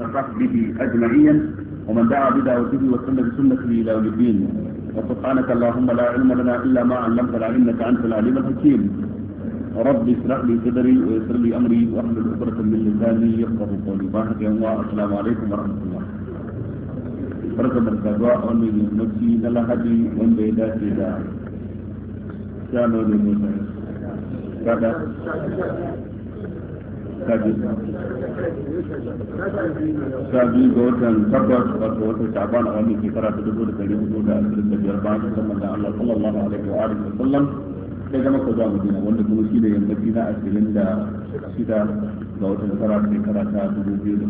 وصحبه أجمعين ومن دعا بدعوته وسنة بسنته إلى يوم الدين وسبحانك اللهم لا علم لنا إلا ما علمتنا إنك أنت العليم الحكيم رب اشرح لي صدري ويسر لي أمري واحمد عبرة من لساني يفقه قولي بارك يا السلام عليكم ورحمة الله barka da saduwa a wannan yammaci na lahadi wanda ya dace da sha biyu ga watan takwas wato watan shaban a wannan shekara ta dubu da dari hudu da ashirin da biyar bayan Allah sallallahu alaihi wa alihi sai zuwa Madina wanda kuma shi da na ashirin da shida ga watan tara shekara ta dubu biyu da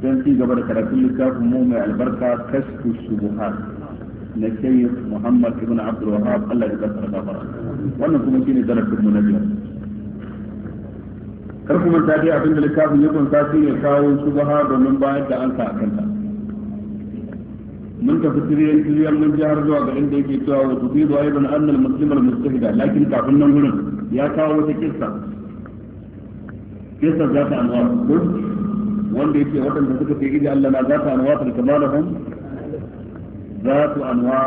da ci gaba da karatun littafin mu mai albarka kashfu na Muhammad ibn Abdul Wahab Allah ya gafara wannan kuma shine darasin mu na biyar kar kuma ta dai abinda littafin ya kunta shi ne kawo shubaha domin bayar da ansa a kanta mun tafi tiriyan tiriyan mun ji har zuwa ga inda yake cewa wa tufidu aiban annal muslimal mustahida lakin kafin nan gurin ya kawo wata kissa kissa za ta anwar wanda yake waɗanda suka ce idan Allah na za ta anwar kamar lahum za ta anwar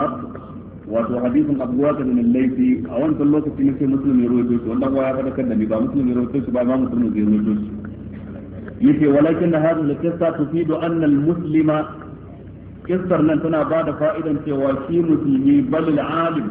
wato hadisin abu wata da laifi a wancan lokaci ne sai muslim ya rawaito shi wannan ya fadakar da ni ba muslim ya rawaito shi ba ma muslim ya rawaito shi yake walakin da hadin da kissa tufidu annal muslima kissar nan tana ba da fa'idan cewa shi musulmi bal alim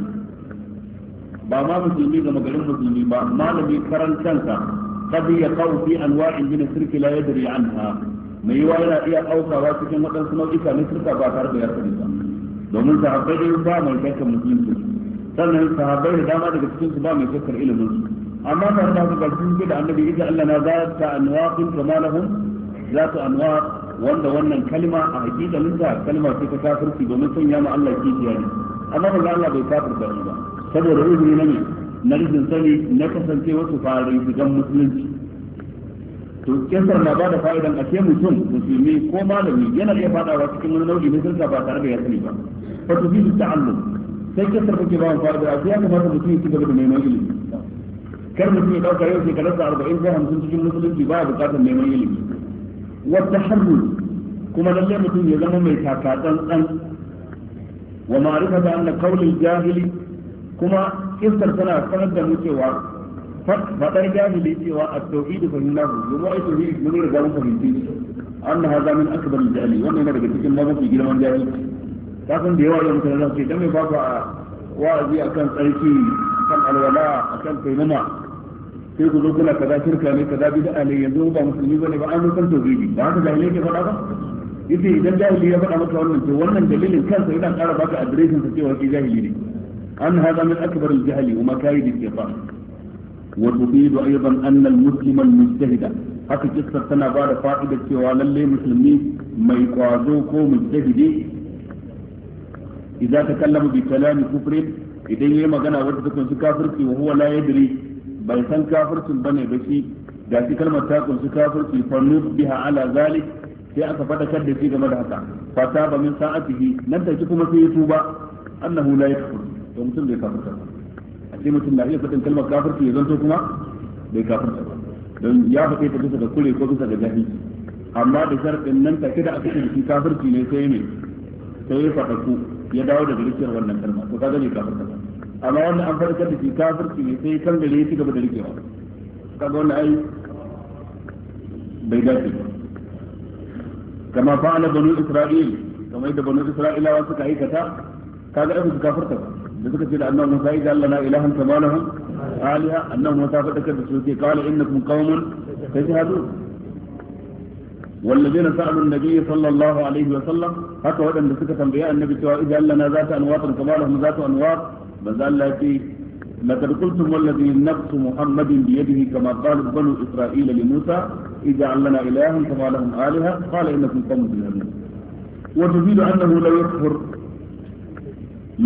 ba ma musulmi ga magarin musulmi ba malami karantansa kad ya kawo fi anwa'in min shirki la yadri anha mai yawa yana iya aukawa cikin waɗansu nau'ika na shirka ba tare da ya sani ba domin sahabbai dai ba mai shakkar musulunci sannan sahabbai da dama daga cikin su ba mai shakkar ilimin su amma ba ta ga sun ce da annabi idan Allah na za ta anwaqin kama lahum za ta anwaq wanda wannan kalma a hakikalin ta kalma ce ta kafirci domin sanya ma Allah kishiya ne amma ba Allah bai kafirta ba saboda ruhi na ne na rikin sani na kasance wasu farin shigan musulunci to kisar na ba da fa'idan a ce mutum musulmi ko malami yana iya fadawa cikin wani nau'i na shirka ba tare da ya sani ba fa to bisu ta'allum sai kisar kuke ba mu fara da ya kamata mutum ya ci gaba da neman ilimi kar mutum ya dauka yau shekararsa arba'in ko hamsin cikin musulunci ba ya bukatar neman ilimi wata harbu kuma lallai mutum ya zama mai takatsantsan wa ma'rifata anna qawlul jahili kuma kisar tana sanar da mu cewa فقد جاء في بيتي والتوحيد في الله إيه يمر في من يرجعون في بيتي أن هذا من أكبر الجهل وانا هذا بيتي كما هو في جلوان جاري لكن ديوار يوم كان الله كتم يبقى وعزي أكان سيكي أكان الولاء أكان فيمنا في قلوبنا كذا شركة لي كذا بدأ لي يدوب ومسلمي بني وأنه كان توحيد وعند جاهلية كيف هذا؟ إذا إذا جاهلية فقط أمر من جوال جليل كان سيدا قال باك أدريس أن تتوى في جاهلية أن هذا من أكبر الجهل ومكايد الشيطان وتفيد أيضا أن المسلم المجتهد haka kissar tana ba da fa'idar cewa lalle musulmi mai kwazo ko mujtahidi idan ta kallama bi kalami kufri idan yayi magana wanda ta kunshi kafirci wa huwa la yadri bai san kafircin bane ba shi da shi kalmar ta kunshi kafirci fa biha ala zalik sai aka fadakar da shi game da haka fata ba min sa'atihi nan da kuma sai ya tuba annahu la yakfur to mutum bai kafirta ba sai mutum na iya faɗin kalmar kafirci ya zanto kuma bai kafirta ba don ya faɗe ta bisa ga kure ko bisa ga jahilci amma da sharɗin nan take da aka ce shi kafirci ne sai ne sai ya faɗa ku ya dawo daga rikiyar wannan kalma to kaga ne kafirta ba amma wannan an farkar da shi kafirci ne sai kan gare ya ci gaba da rikewa kaga wannan ai bai dace ba kama fa'ala banu isra'il kamar yadda banu isra'ilawa suka aikata kaga ai su kafirta ba da suka ce da annabi Musa ya لهم الهه انهم illa ma قال انكم قوم Musa والذين سألوا النبي صلى الله عليه وسلم حتى ودن بسكة أنبياء النبي سواء إذا لنا ذات انواط كما لهم ذات أنوار بذل التي لقد قلتم والذي نفس محمد بيده كما قال بنو إسرائيل لموسى إذا لنا إلها كما لهم آلهة قال إنكم قوم بهم وتزيد أنه لا يكفر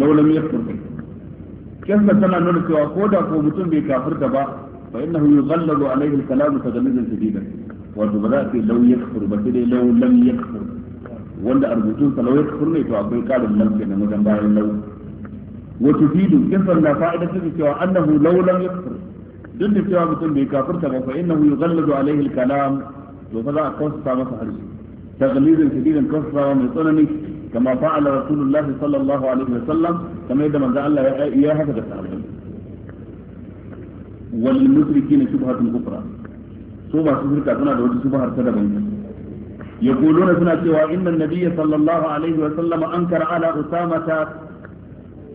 لو لم يكفر kissa tana nuna cewa ko da ko mutum bai kafirta ba fa innahu yughallalu alaihi al-kalam tagallizan shadidan wato ba za a ce lau yakfur ba sai dai lau lam yakfur wanda a rubutun sa lau yakfur ne to akwai karin lam nan wajen bayan lau wa tufidu kissar na fa'ida take cewa annahu lau lam yakfur duk da cewa mutum bai kafirta ba fa innahu yughallalu alayhi al-kalam to fa za a kausa masa harshe tagallizan shadidan kausa mai tsanani كما فعل رسول الله صلى الله عليه وسلم كما يدى من الله يا هكذا تعلم وللمشركين شبهة أخرى سوبة شركة سنة دوت شبهة سنة يقولون سنة إن النبي صلى الله عليه وسلم أنكر على أسامة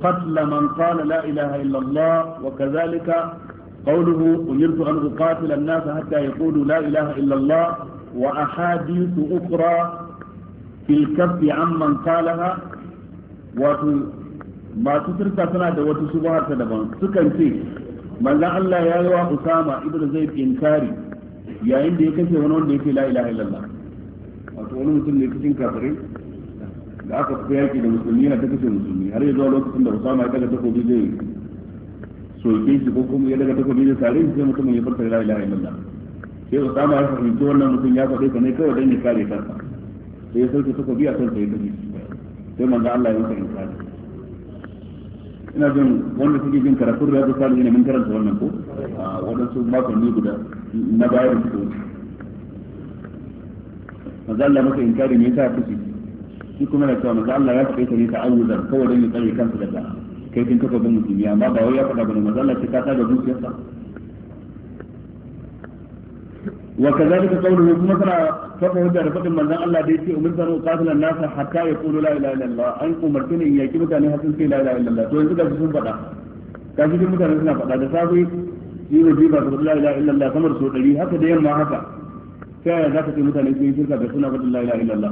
قتل من قال لا إله إلا الله وكذلك قوله أمرت أن أقاتل الناس حتى يقولوا لا إله إلا الله وأحاديث أخرى filkafi amman kalaha wato masu turka suna da wata shubha ta daban sukan ce manzon Allah ya yi wa Usama ibnu zai inkari yayin da ya kashe wani wanda yake la ilaha illallah wato wani mutum ne cikin kafirai da aka fita yaki da musulmi yana ta kashe musulmi har yanzu zuwa lokacin da Usama ya daga takobi zai soke shi ko kuma ya daga takobi zai sare shi sai mutumin ya farka la ilaha illallah sai Usama ya fahimci wannan mutum ya faɗe ka ne kawai dan ya kare kansa sai ya sauke suka biya son sai ya tafi sai manzo Allah ya masa insani ina jin wanda suke jin karatun da ya ne mun karanta wannan ko waɗansu makonni guda na baya da suka wuce manzo Allah masa inkari ne yasa fushi shi kuma na cewa manzo Allah ya fi ta ne ta ayyuzar kawai don ya tsare kansa daga kaifin bin musulmi amma ba wai ya faɗa bane manzo Allah ce ka ta da zuciyarsa وكذلك قوله كما كان فقه وجه رفق من ذا الله ديتي أمرت أن أقاتل الناس حتى يقولوا لا إله إلا الله أن أمرتني إياك يحسن حسن لا إله إلا الله تو أنت كيف سنفقا كيف متاني سنفقا هذا صافي يقول جيبا تقول لا إله إلا الله ثمر سوء لي حتى ديان ما حكا كيف ذاك في متاني سنفقا بسنة لا إله إلا الله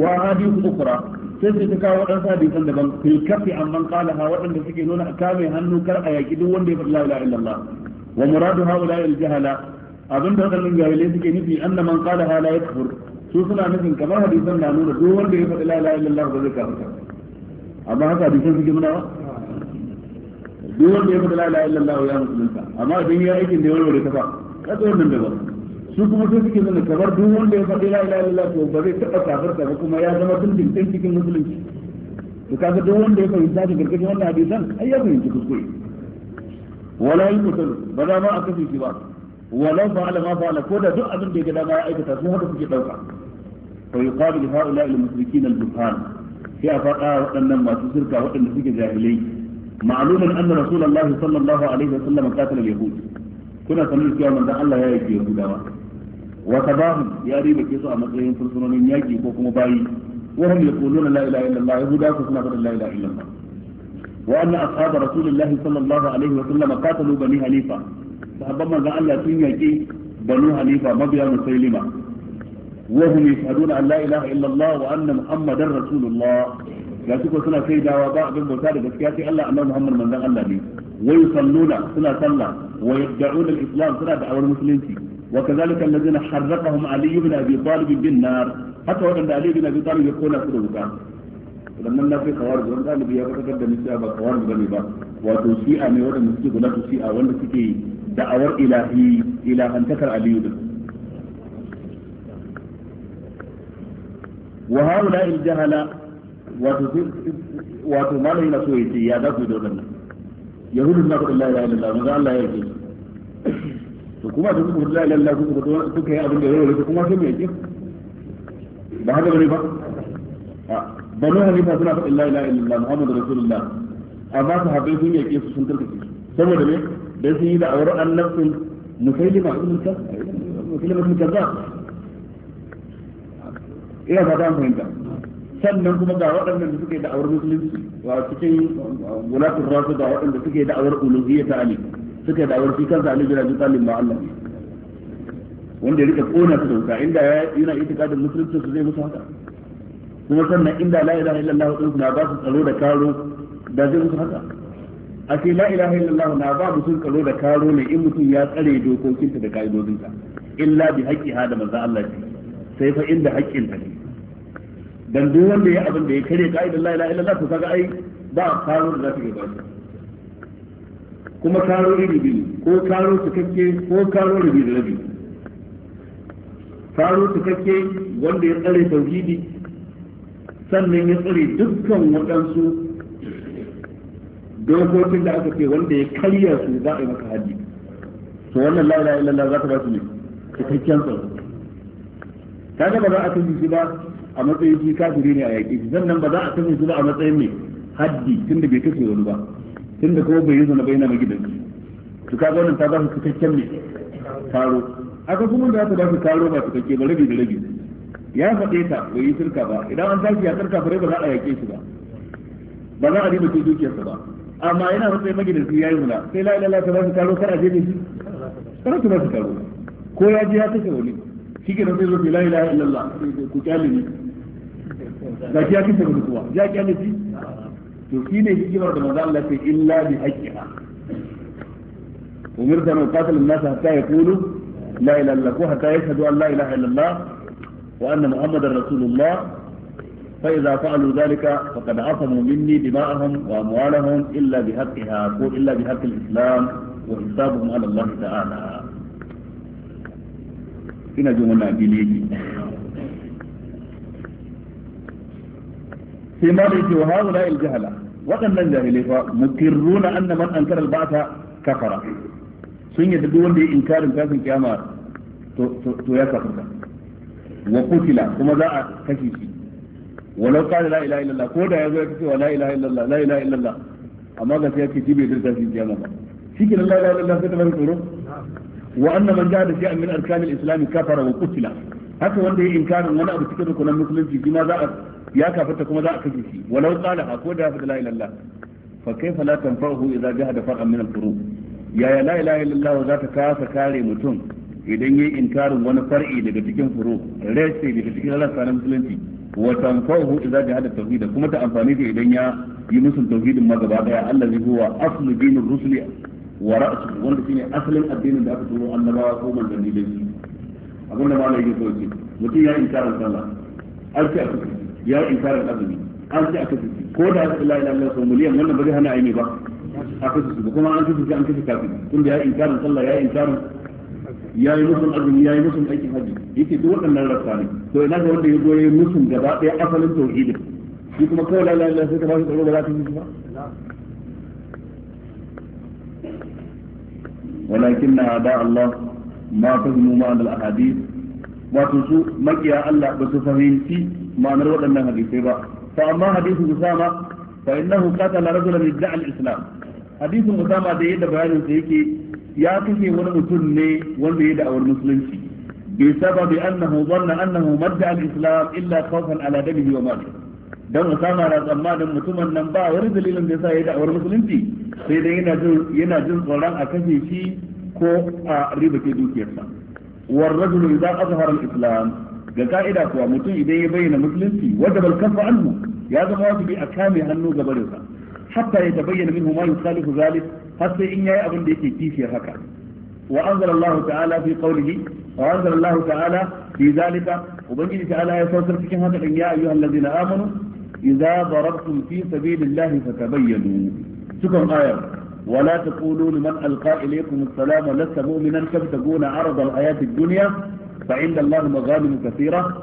وهذه أخرى sai sai ta kawo waɗansu hadisan daban filkafi amman qalaha waɗanda suke nuna kame hannu kar a yaƙi duk wanda ya faɗi la illallah wa muradu jahala abin da wadannan jahilai suke nufi anna man hala ya kafur su suna nufin kamar hadisan na nuna duk wanda ya faɗi la ilaha illallah ba zai kafirta amma haka hadisan suke nuna duk wanda ya faɗi la ilaha illallah ya musulunta amma idan ya aikin da ya warware kafa fa wannan da ba su kuma sai suke nuna kamar duk wanda ya faɗi la ilaha illallah to ba zai taɓa kafirta ba kuma ya zama dindin ɗin cikin musulunci to kaga duk wanda ya fahimta da gargaɗin wannan hadisan ai ya fahimci kuskure wala yi musulun ba za ma a ba ولو فعل ما فعل كل دو أبن دي ما آية تسموها تسجي توقع فيقال لهؤلاء المشركين البرهان في أفاقا آه، وأن ما تشرك وأن تسجي جاهلي معلوم أن رسول الله صلى الله عليه وسلم قاتل اليهود كنا سنين يا من الله يا يجي يهودا وتباهم يا ريبك يسوع مطلعين فرسلون يجي فوق باي وهم يقولون لا إله إلا الله يهودا كنا لا إله إلا الله وأن أصحاب رسول الله صلى الله عليه وسلم قاتلوا بني حنيفة sahabban manzon Allah sun yaki banu halifa mabiya musailima wa hum yashhaduna an la ilaha illa Allah wa anna muhammadar rasulullah ga su ko suna saidawa ba abin bauta da gaskiya sai Allah annabi Muhammad manzon Allah ne wa yusalluna suna sallah wa yad'una al-islam suna da'awar musulunci wa kazalika alladhina harraqahum Ali ibn Abi Talib bin nar haka wadanda Ali ibn Abi Talib ya kona su da wuta sannan na kai kawar wani ɗalibi ya fitar da nisiya ba kawar da ba wato shi'a ne wadanda suke guda su shi'a wanda suke da'awar ilahi ilahantakar aliyu din wa haula il jahala wato wato malai na so yace ya za su da wannan yahudun na kudin la ilaha illallah manzo Allah ya yi to kuma da kuka la ilaha illallah kuka kuka yi abin da yau da kuma sai me yake ba haka bane ba banu hanifa suna faɗin la ilaha illallah muhammadu rasulullah amma sahabbai sun yake su sun tarkace saboda me dan sun yi da auren annabin musailima ibn musailima ibn kazzab ina ba fahimta sannan kuma ga waɗannan da suke da'awar auren musulunci wa cikin gulatun rasu da waɗanda suke da'awar auren uluhiyya ta ali suke da'awar auren cikin ali bin abi talib ma Allah wanda ya rika kona su da wuta inda yana itikadin musulunci su zai musu haka kuma sannan inda la ilaha illallah wa na ba su tsaro da karo da zai musu haka a ce la ilaha illallah na ba mutum karo da karo ne in mutum ya tsare dokokinta da ka'idodinta illa bi haƙƙi ha da manzo Allah ce sai fa inda haƙƙin ta ne dan duk wanda ya abin da ya kare ka'idar la ilaha illallah to kaga ai ba karo da za ta iya ba kuma karo iri biyu ko karo cikakke ko karo rabi da rabi karo cikakke wanda ya tsare tauhidi sannan ya tsare dukkan waɗansu dokokin da aka ce wanda ya karya su za a yi maka haji to wannan la ilaha illallah za ta ba su ne cikakken tsaro kaga ba za a tafi su ba a matsayin shi kafiri ne a yaƙi shi sannan ba za a tafi su ba a matsayin mai haddi tunda bai kashe wani ba tunda kuma bai yi zana bai magidan magidanci to kaga wannan ta ba su cikakken ne taro aka kuma da ta ba su taro ba su kake ba rabi da rabi ya faɗe ta bai yi sirka ba idan an tashi ya tsarka fare ba za a yaƙe su ba ba za a riba ke dukiyarsa ba amma yana rufe magidanci ya yi mula sai la ilaha ta ba su karo kana je shi kana ta ba su karo ko ya ji ya kashe wani shi ke rufe zo la ilaha illallah ku kyale ni ga ki ya kashe wani kuwa ya kyale shi to shi ne hikimar da manzo Allah sai illa bi haqqiha umirta an qatala an nasa hatta yaqulu la ilaha illallah hatta yashhadu an la ilaha illallah wa anna muhammadar rasulullah فإذا فعلوا ذلك فقد عصموا مني دماءهم وأموالهم إلا بحقها أقول إلا بحق الإسلام وحسابهم على الله تعالى إن جمعنا بليجي في مرض وهؤلاء الجهلة وقد من جاهلها مكرون أن من أنكر البعث كفر سن يتدون دي إنكار الكاسم كامار تو, تو, تو يكفر وقتل كما ذا كشيشي walau kana la ilaha illallah ko da yazo ya ce wa la ilaha amma ga ya ce jibe dirta shi kiyama shi ke la ilaha illallah sai ta bar tsoro wa anna man jahada shay'an min haka wanda ya inkarin wani abu cikin rukunan musulunci kuma za a ya kafarta kuma za a kashe shi walau qala ko da ya faɗi la ilaha fa kaifa la tanfa'uhu idza jahada far'an min al yaya la ilaha illallah za ta kasa kare mutum idan yayi inkarin wani far'i daga cikin furu race daga cikin rasa na musulunci وتنفعه اذا جهد التوحيد كما تنفعني في الدنيا في مسلم توحيد ما قبل الذي هو اصل دين الرسل ورأسه وانت فيني اصل الدين اللي اكتبه ان الله هو من جنبي لسي اقول لما لا يجب توجه وكي يا انكار الله ارتي اكتبه يا انكار الاظمي ارتي اكتبه كود هذا الله الى الله سوماليا من بدي هنا بقى اكتبه كما انت فيك انت كافي كل يا انكار الله يا انكار ya yi musun azumi ya yi musun aikin haji yake duk waɗannan rasa ne to ina ga wanda ya zo ya yi musun gaba ɗaya asalin tauhidin shi kuma kawai la ilaha sai ka ba shi tsaro da za ta yi ba walakin na da Allah ma fahimu ma'an al-ahadith wato su makiya Allah ba su fahimci ma'anar waɗannan hadisai ba fa amma hadisin Usama fa innahu qatala rajulan yad'a al-islam hadisin usama da yadda bayanin sa yake ya kashe wani mutum ne wanda ya da'awar musulunci bi sababi annahu dhanna annahu madda al-islam illa khawfan ala damihi wa malihi dan usama na tsammanin mutumin nan ba wani dalilin da yasa ya da'awar musulunci sai dai yana jin yana jin tsoron a kashe shi ko a ke dukiyarsa war rajulu idza azhara al-islam ga ka'ida kuwa mutum idan ya bayyana musulunci wajaba al-kaffa ya zama wajibi a kame hannu gaba gabarinsa حتى يتبين منه ما يخالف ذلك حتى إن أبن ديكي كيفية هكا وأنزل الله تعالى في قوله وأنزل الله تعالى في ذلك وبنجد تعالى يسوس الفكين هذا إن يا أيها الذين آمنوا إذا ضربتم في سبيل الله فتبينوا شكرا آية ولا تقولوا لمن ألقى إليكم السلام لست مؤمنا كم تكون عرض الآيات الدنيا فعند الله مغانم كثيرة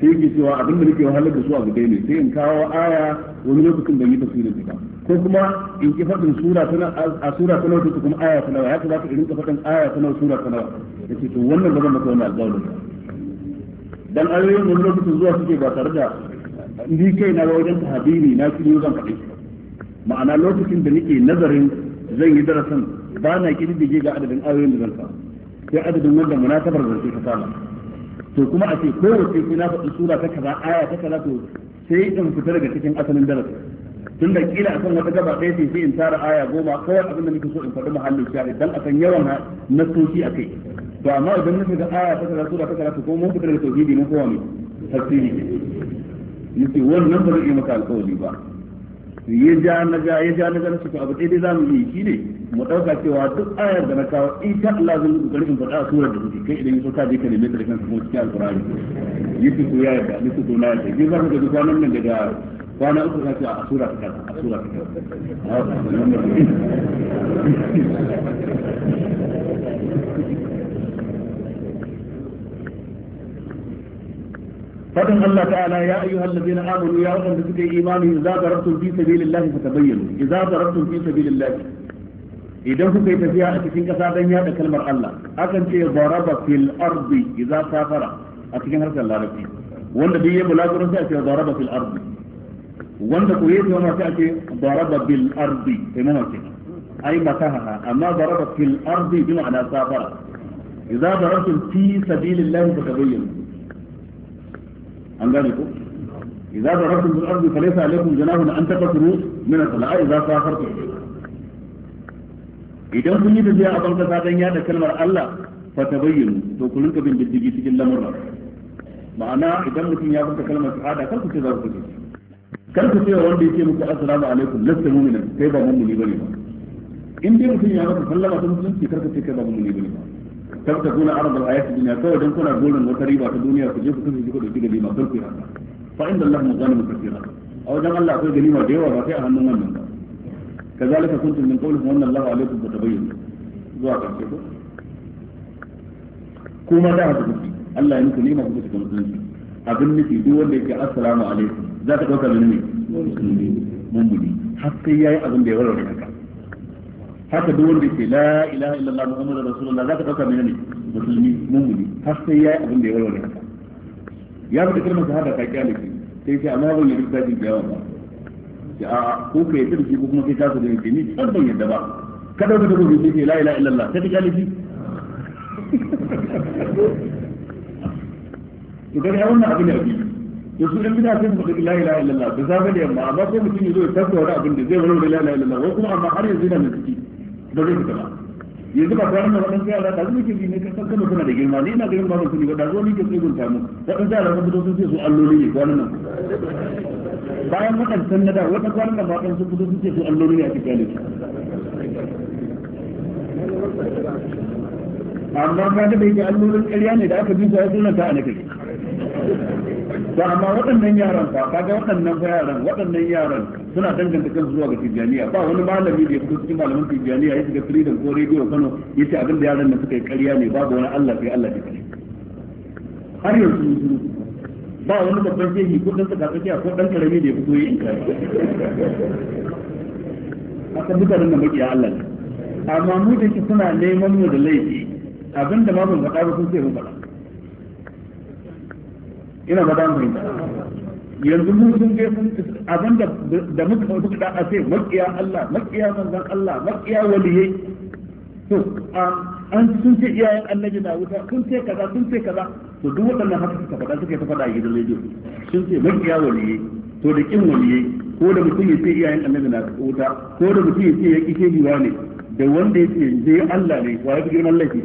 sai yake cewa abin da nake wahalar da su a gaba ne sai in kawo aya wani lokacin ban yi tafsirin ta ko kuma in ki faɗin sura tana a sura tana wata kuma aya tana ya ta ka irin ka faɗin aya tana sura tana yace to wannan ba zan maka wani alƙawari dan ayoyin wani lokacin zuwa suke ba tare da ni kai na wajen tahabiri na kiriyo zan faɗi ma'ana lokacin da nake nazarin zan yi darasin ba na kididdige ga adadin ayoyin da zan sa sai adadin wanda muna munatabar zance ta samu to kuma a ce kowace sai na faɗi sura ta kaza aya ta kaza to sai in fita daga cikin asalin darasi tun da kila akan wata gaba ɗaya sai sai in tara aya goma kawai abin da nake so in faɗi muhallin shahid dan akan yawan nasoci a kai to amma idan na shiga aya ta kaza sura ta kaza to kuma mun fita daga tauhidi mun kowa ne tafsiri yace wannan ba zai yi maka alƙawari ba ya ja na ga ya ja na ga su abu ɗaya dai za zamu yi ne. mu dauka cewa duk ayar da na kawo in sha Allah zan yi kokari in faɗa a surar da kuke kai idan yaso ka je ka nemi ta da kanka kuma cikin alqur'ani yake ko ya yarda ni ko na yarda ni zan ga duka nan daga kwana uku ka ce a sura ta kaza a sura ta kaza فدن الله تعالى يا أيها الذين آمنوا يا أخوة بسكي إيماني إذا ضربتم في سبيل الله فتبينوا إذا ضربتم في سبيل الله idan suka yi tafiya a cikin kasa don yada kalmar Allah akan ce zaraba fil ardi idza safara a cikin harkar larabci wanda duk ya bulagurin sai a ce zaraba fil ardi wanda ko yake wannan sai a ce zaraba bil ardi sai mana ce ai mataha amma zaraba fil ardi bi ma'ana safara idza darabtum fi sabilillahi fatabayyanu an gane ko idza darabtum fil ardi falaysa alaykum junahun an taqtulu min as-sala'i idza safartum idan kun yi tafiya a farko sabon yada kalmar Allah fa tabayyanu to ku rinka bin diddigi cikin lamurra ma'ana idan mutum ya furta kalmar shahada kar ku ce za ku ce kar ku ce wanda yake muku assalamu alaikum lasta mu'minan kai ba mu'mini bane ba in dai mutum ya maka sallama ta musulunci kar ku ce kai ba mu'mini bane ba kar ta kuna arabul ayati dunya kawai dan kuna gurin wata riba ta duniya ku je ku kashe ku dauki ma kar ku yi haka fa inda Allah mu zalimu kafira a wajen Allah akwai ganima da yawa ba sai a hannun wannan kazalika kuntum min qawlikum anna Allahu alaykum fatabayyanu zuwa karshe ko kuma da haka kuke Allah ya muku nima kuka cikin abin nufi duk wanda yake assalamu alaikum za ka ɗauka da nuni mummuni har sai yayi abin da ya warware kanka haka duk wanda yake la ilaha illallah muhammadur za ka ɗauka da nuni musulmi mummuni har sai yayi abin da ya warware kanka ya fita kalmar shahada ka kyale shi sai ba a ko ka yadda da shi ko kuma kai ka su da yake ni ban ban yadda ba ka dauka da gobe ko la ilaha illallah ka kalifi to kaga wannan abin da yake to su dan bid'a sai la ilaha illallah da da yamma amma ko mutum ya zo ya abin da zai wani la ilaha illallah ko kuma amma har yanzu yana da zai fita ba yanzu ba kwanan da waɗansu yara da zuke bi ne kasan kano suna da girma ne ina ga girma ba mutum ne ba da zo ne ke tsibin tamu waɗansu yara sun fito sun ce su alloli ne kwanan nan bayan waɗansan na da wata kwanan da matan sun fito sun ce su alloli ne a cikin amma ka ga da yake allolin ƙarya ne da aka bi su a sunanta a kai da amma waɗannan yaran ka ga waɗannan yaran waɗannan yaran suna danganta kansu zuwa ga tijaniya ba wani malami da ya fito cikin malaman tijaniya ya shiga freedom ko radio Kano yace abin da yaran nan suka yi ƙarya ne babu wani Allah sai Allah ya kare har yanzu ba wani babban sai ko dan saka tsakiya ko dan karami da ya fito yin kare haka duka nan makiya Allah ne amma mu da suna neman mu da laifi abinda ma ban faɗa ba sun ce mu faɗa ina ba damu yin yanzu mun sun je sun abin da da muka muka da a ce makiya Allah makiya manzon Allah makiya waliyai to an sun ce iyayen annabi na wuta sun ce kaza sun ce kaza to duk waɗannan haka suka faɗa suke ta faɗa a gidan rediyo sun ce makiya waliyai to da kin waliyai ko da mutum ya ce iyayen annabi na wuta ko da mutum ya ce ya kishe ne da wanda ya ce je Allah ne wa ya fi girman laifi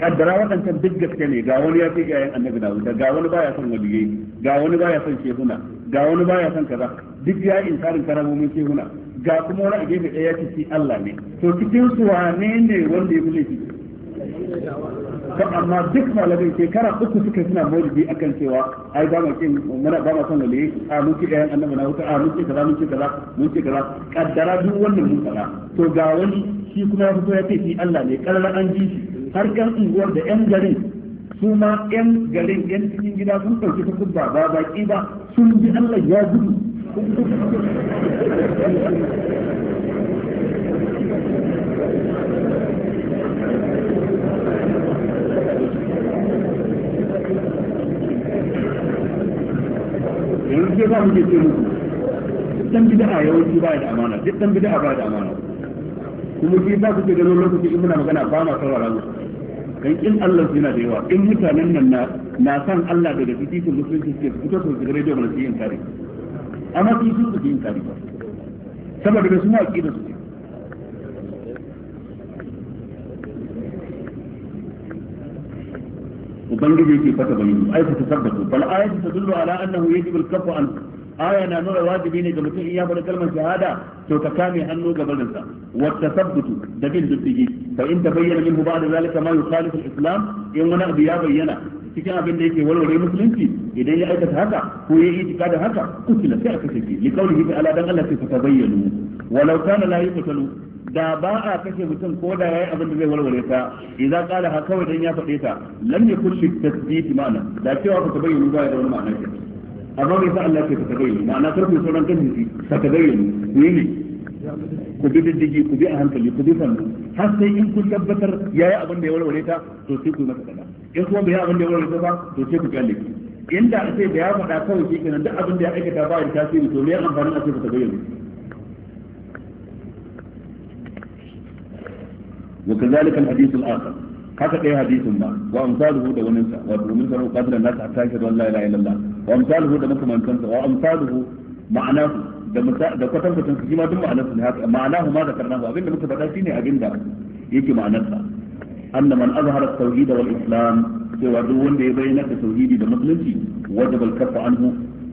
kaddara waɗancan duk gaske ne ga wani ya fi ga yan annabi da da ga wani baya son waliyai ga wani baya son shehuna ga wani baya son kaza duk ya inkarin karamomin shehuna ga kuma wani a gefe ya ci Allah ne to cikin su wane ne wanda ya fi ka to amma duk malamai shekara uku suka suna maulidi akan cewa ai ba mu kin muna ba mu son waliyai a mun ci ɗayan annabi na wuta a mun ci kaza mun ci kaza mun ci kaza kaddara duk wannan mun kaza to ga wani shi kuma ya fito ya ce shi Allah ne karara an ji shi har yan unguwar da yan garin su ma yan garin yan cikin gida sun ɗauki ta kubba ba baƙi ba sun bi Allah ya gudu yanzu sai za mu je ce muku dan bid'a yawanci ba da amana duk dan bid'a ba da amana kuma shi za ku ce ganin lokacin in muna magana ba ma saurara musu dan in Allah yana da yawa in mutanen nan na na san Allah daga cikin su musulunci ke fito su gare da wani yin kare amma su su su yin kare saboda da suna aqida su ubangiji yake fata bani ai ku tabbatu bal ayatu tadullu ala annahu yajibu al-kaffu an aya na nuna wajibi ne ga mutum in ya bar kalmar shahada to ka kame hannu ga barinsa wa tasabbutu da bin diddigi fa in tabayyana minhu ba'da zalika ma yukhalifu al-islam in wani abu ya bayyana cikin abin da yake warware musulunci idan ya aikata haka ko ya yi tika da haka kutila sai aka kashe li qawlihi ta'ala dan Allah sai ka bayyana walau kana la yuqtalu da ba a kashe mutum ko da yayi abin da zai warware ta idan kala haka kawai dan ya faɗe ta lam yakun shi tasbiti ma'ana da cewa ka bayyana ba ya da wani ma'ana amma me yasa Allah ya ce ka tabayyana ma'ana kar ku sauran kan jiki ka tabayyana ku yi ne ku bi diddigi ku bi a hankali ku bi sannu har sai in kun tabbatar ya yi abin da ya warware ta to sai ku yi masa kada in kuma bai yi abin da ya warware ta ba to sai ku kyale ki inda a ce da ya faɗa kawai shi kenan duk abin da ya aikata ba ya tasiri to me ya amfani a ce ba ta bayyana وكذلك الحديث الآخر haka ɗaya hadisin ba wa amsaluhu da wani sa wato mun sanar qadra nas a tashir la ilaha illallah وامثاله da makamantansa wa amsaluhu ma'anahu da da kwatankwacin su shi ma duk ma'anarsa ne haka ma'anahu ma zakarnahu abinda muka faɗa shine abinda yake ma'anarsa anna man azhara at-tauhid wal islam cewa duk wanda ya bayyana da tauhidi da musulunci wajib al-kaffu anhu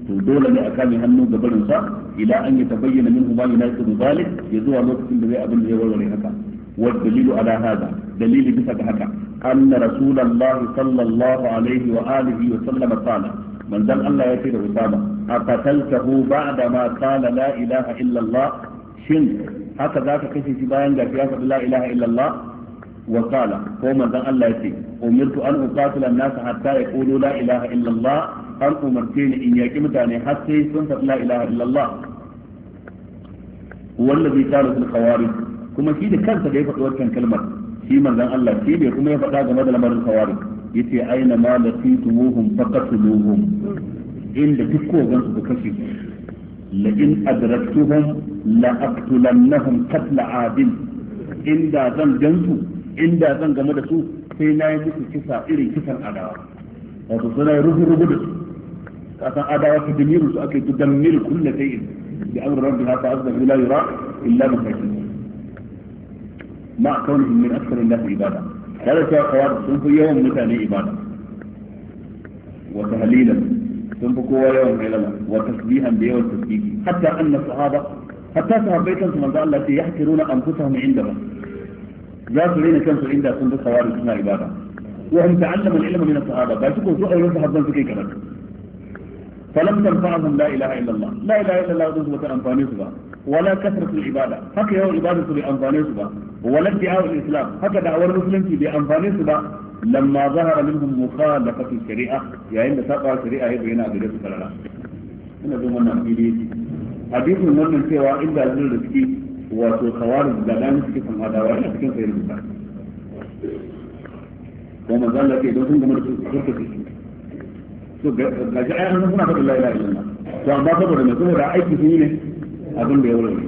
to dole ne a kame hannu ga barin sa ila an ya tabayyana minhu ma yunasibu zalik ya zuwa lokacin da zai abin da ya warware haka wa dalilu ala hada dalili bisa ga haka anna rasulullahi sallallahu alaihi wa alihi wa sallama qala manzon Allah ya ce da Usama a ba ba'da ma qala la ilaha illallah shin haka za ka kashe shi bayan ga ya faɗi la ilaha illallah wa kala ko manzon Allah ya ce umirtu an uqatila an-nas hatta yaqulu la ilaha illallah Allah an umarce ni in yaki mutane har sai sun faɗi la ilaha illallah Allah wallazi qala fil khawarij kuma shi da kansa da ya faɗi wannan kalmar shi manzon Allah shi ne kuma ya faɗa game da lamarin khawarij yace aina ma laqitumuhum faqatuluhum inda duk ko gan su kashe su la in adraktuhum la aqtulannahum qatla adil inda zan gansu inda zan game da su sai na yi musu kisa irin kisan adawa wato suna rubu rubu da su kasan adawa su dimiru su ake tu dammir kullu shay'in bi amri rabbina ta'azza la yura illa bi ma kaunihim min akthar an-nas ibada tare da kawar sun fi yawan mutane ibada wa tahlilan sun fi kowa yawan halala wa tasbihan da yawan tasbihi hatta anna sahaba hatta sahabbai kansu manzo Allah ya yahkiruna anfusahum inda za su rena kansu inda sun fi kawar suna ibada wa hum ta'allama al-ilma min as-sahaba ba su ko su ayyuka sahabban suke karatu فلم تنفعهم لا إله إلا الله لا إله إلا الله غزوة انفانيسبا، ولا كثرة العبادة حكى يو عبادة بانفانيسبا، ولا ادعاء الإسلام حكى دعوة المسلم في بأنفاني لما ظهر منهم مخالفة الشريعة يا يعني تقع الشريعة يبين أبي جسد الله إن دوما نعملي حديث من من سوى إلا أجل وفي الخوارج لا بلان سكي سمع دعوة في سكين سير المسلم ومن ذلك يدوزن دوما رسكي to ga shi ayyana suna faɗin la ilaha illallah to amma saboda mai saboda aiki sun yi ne abin da ya wurin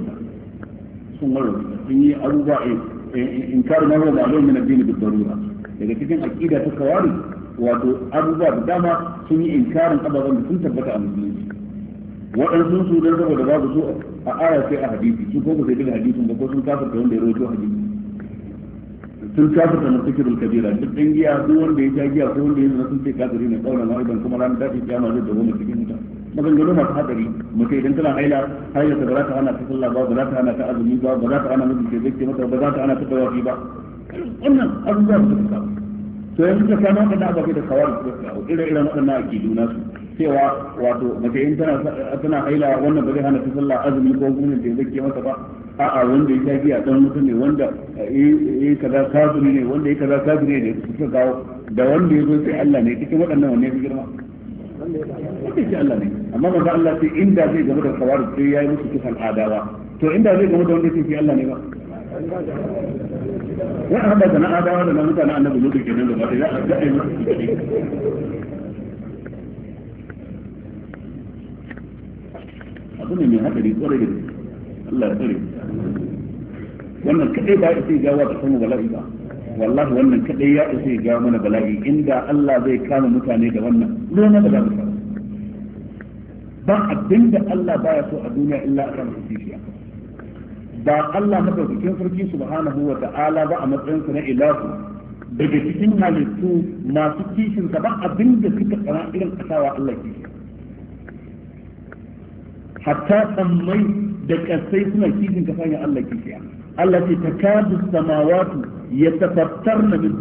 sun wurin sun yi abubuwa eh, eh, eh, in kari na wurin alon min addini duk darura daga cikin aqida ta kawari wato abubuwa da dama sun yi inkarin ababen da sun tabbata a musulunci waɗansu su don saboda babu su a aya sai a hadisi su ko ba sai daga hadisin ba ko sun kafa da wanda ya rawaito hadisi sun kafir da mutakirul kabira duk dan giya su wanda ya ta giya ko wanda ya zana sun ce kafiri ne kaulan wa'idan kuma ranar tafi kiyama zai dawo mutum cikin mutane maganganu masu hadari mace idan tana haila haila ta ba za ta hana ta sallah ba ba za ta hana ta azumi ba ba za ta hana mutum ke zai mata ba za ta hana ta tawafi ba wannan abubuwa su ka to yanzu ka samu waɗanda ababai da kawai da suka kawo ire-iren waɗannan akidu nasu cewa wato mace in tana tana haila wannan ba zai hana ta sallah azumi ko gumin da zai masa ba a'a wanda ya shafi a dan mutum ne wanda yi eh, eh, kaza kafiri ne wanda yi kaza kafiri ne suka kawo da wanda ya zo sai Allah ne cikin waɗannan wanne fi girma wanda ya Allah ne amma ba Allah sai inda zai gama da kawar sai ya yi musu kisan adawa to inda zai gama da wanda ya ce Allah ne ba wani haɗa da na adawa da na mutane annabi lokacin da ba sai za a ga ai musu abu ne mai hadari kwarai da Allah ya tsare wannan kadai ba sai ga wata samu bala'i ba wallahi wannan kadai ya isa ya ga mana bala'i inda Allah zai kama mutane da wannan lona ba za mu samu ba abinda Allah baya so a duniya illa a kan kishiya ba Allah madaukakin sarki subhanahu wa ta'ala ba a matsayin na ilahu daga cikin halittu masu kishinsa ba abin da suka tsara irin kasawa Allah kishiya hatta sammai da kasai suna kishin ka sanya Allah kishiya Allah ce takadu samawatu yatafattarna min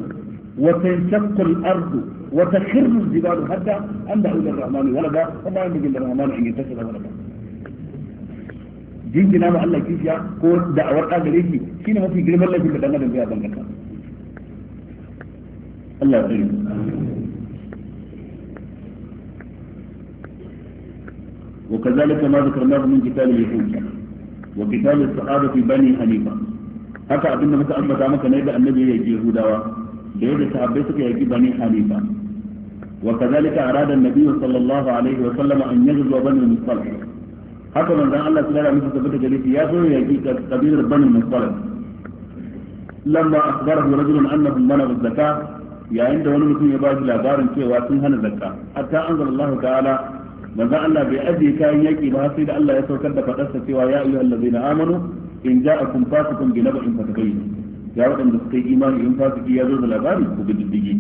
wa tanshaqqu al-ardu wa takhirru al-jibalu hatta an da'u lir-rahmani walada wa ma yanbaghi lir-rahmani an yattakhidha walada jingina ma Allah kishiya ko da'awar da gare shi shine mafi girman laifin da dan adam zai bangata Allah ya tsare وكذلك ما ذكرناه من كتاب اليهود وكتاب الصحابة في بني حنيفة حتى أبنى مثل أن مدامك نيبا أن نبي يهود بيد صحابتك يجي بني حنيفة وكذلك أراد النبي صلى الله عليه وسلم أن يغزو بني المصطلح حتى من ذا الله تعالى من ثبت جليس ياسر يجي كبير بني المصطلح لما أخبره رجل أنه بنوا الزكاة يا يعني عند ونمكم يباجي لابار في واسنها الزكاة حتى أنزل الله تعالى manzon Allah bai ajiye kayan yaki ba sai da Allah ya saukar da fadarsa cewa ya ayyuhal ladzina amanu in ja'akum fasiqun bi fatabayyanu ya wadanda suka yi imani in fasiki ya zo da labari ku bi diddigi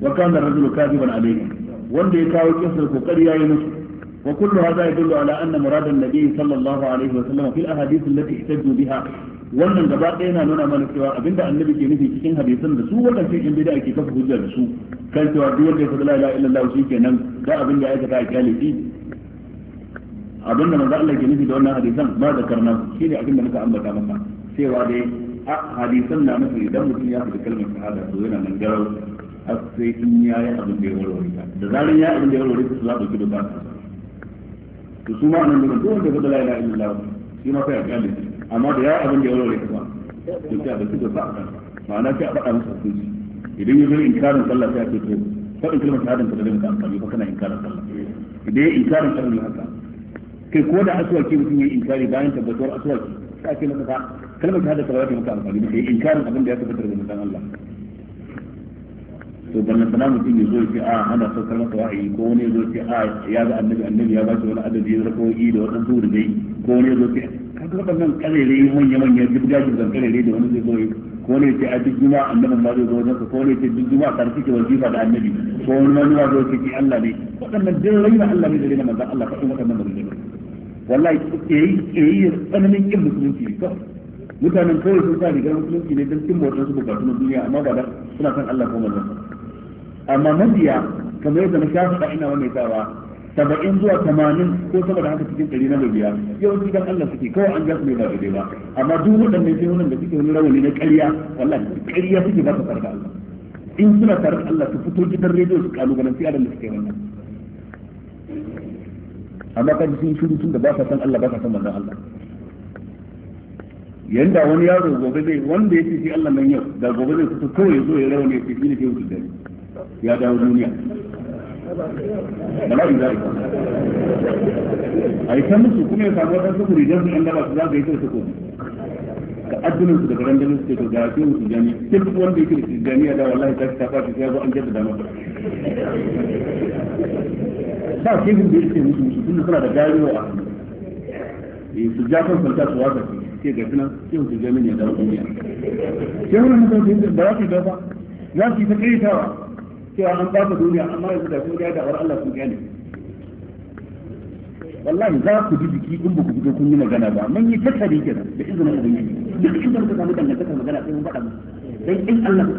wa kana rajulu kadiban alayhi wanda ya kawo kisar kokari yayi musu وكل هذا يدل على أن مراد النبي صلى الله عليه وسلم في الأحاديث التي احتجوا بها wannan gaba ɗaya na nuna mana cewa abinda annabi ke nufi cikin hadisan da su wannan cikin bid'a ke kafa hujja da su kan cewa duk wanda ya faɗa la ilaha illallah shi kenan da abin da ya aikata a kyale abinda manzo Allah ke nufi da wannan hadisan ba da karna shi ne abinda muka ambata maka cewa dai a hadisan na nufi idan mutum ya faɗi kalmar shahada to yana nan garau a sai in yayi abin da ya warware da zaran ya abin da ya warware su za su ki da ba to su ma anan daga duk wanda zai la ilaha illallah shi ma sai a gane amma da ya abin da ya rore ka to sai a da suka sa ma'ana sai a faɗa masa hukunci idan ya zo inkarin sallah sai a ce to faɗin kalmar shahadan ka da zai ka amfani ba kana inkarin sallah idan ya inkarin sallah haka kai ko da aswaki mutum ya inkari bayan tabbatuwar aswaki sai a ce masa kalmar shahada ka ba ta maka amfani ba kai inkarin abin da ya tabbatar da mutan Allah to nan sana mutum ya zo ya a ana so kan ka yi ko ne ya zo ce a ya ga annabi annabi ya ba shi wani adadi da ko yi da wani zuwa dai ko ne ya ki kan ka nan ga wannan karere manya manya duk da kare karere da wani zai zo ko ne ki a duk juma'a annabi ma zai zo wajen ko ne ki duk juma'a kar kike wajifa da annabi ko wani ma zuwa zo ki Allah ne waɗannan dai raina Allah ne da raina manzo Allah ka faɗin waɗannan maganganun wallahi ke yi tsayi tsayi tsananin kin musulunci ne kawai mutanen kawai sun sa rigar musulunci ne don cin motar su bukatu na duniya amma ba da suna san Allah ko manzon amma biya, kamar yadda na shafi da ina mai tawa saba'in zuwa tamanin ko sama da haka cikin ɗari na mabiya yawanci dan Allah suke kawai an su mai ba daidai ba amma duk waɗannan sai wannan da suke wani rawani na ƙarya wallahi ƙarya suke ba su farka Allah in suna tare da Allah su fito gidan rediyo su kalubalanci adam da suke wannan amma kaji sun shiru tun da ba sa san Allah ba sa san manzon Allah yanda wani yaro gobe zai wanda ya ce shi Allah nan yau da gobe zai fito kawai zo ya rawa ne ya ce shi ne ke wuce dare ya dawo duniya bala'in zai a yi can musu kuma ya samu wata suku rijar su ɗan daba su za ka yi kyau suku ka addinin su daga randalin su ke ga fi musu gani duk wanda yake da gani ya da wallahi ta ta fashi Sai zo an jaddada masa ba ke gun da yake musu musu tun suna da garewa a eh, hannu su ja kan kwanta su waka ce ga suna sai su gani ne da duniya sai wani mutum da ba za su yi ba za su yi ta kaitawa cewa an ba ku duniya amma yanzu da kun da war Allah sun gane wallahi za ku ji jiki in kun yi magana ba mun yi kenan da izinin duk inda muka samu dangantakar magana sai mun faɗa mu dan in Allah ku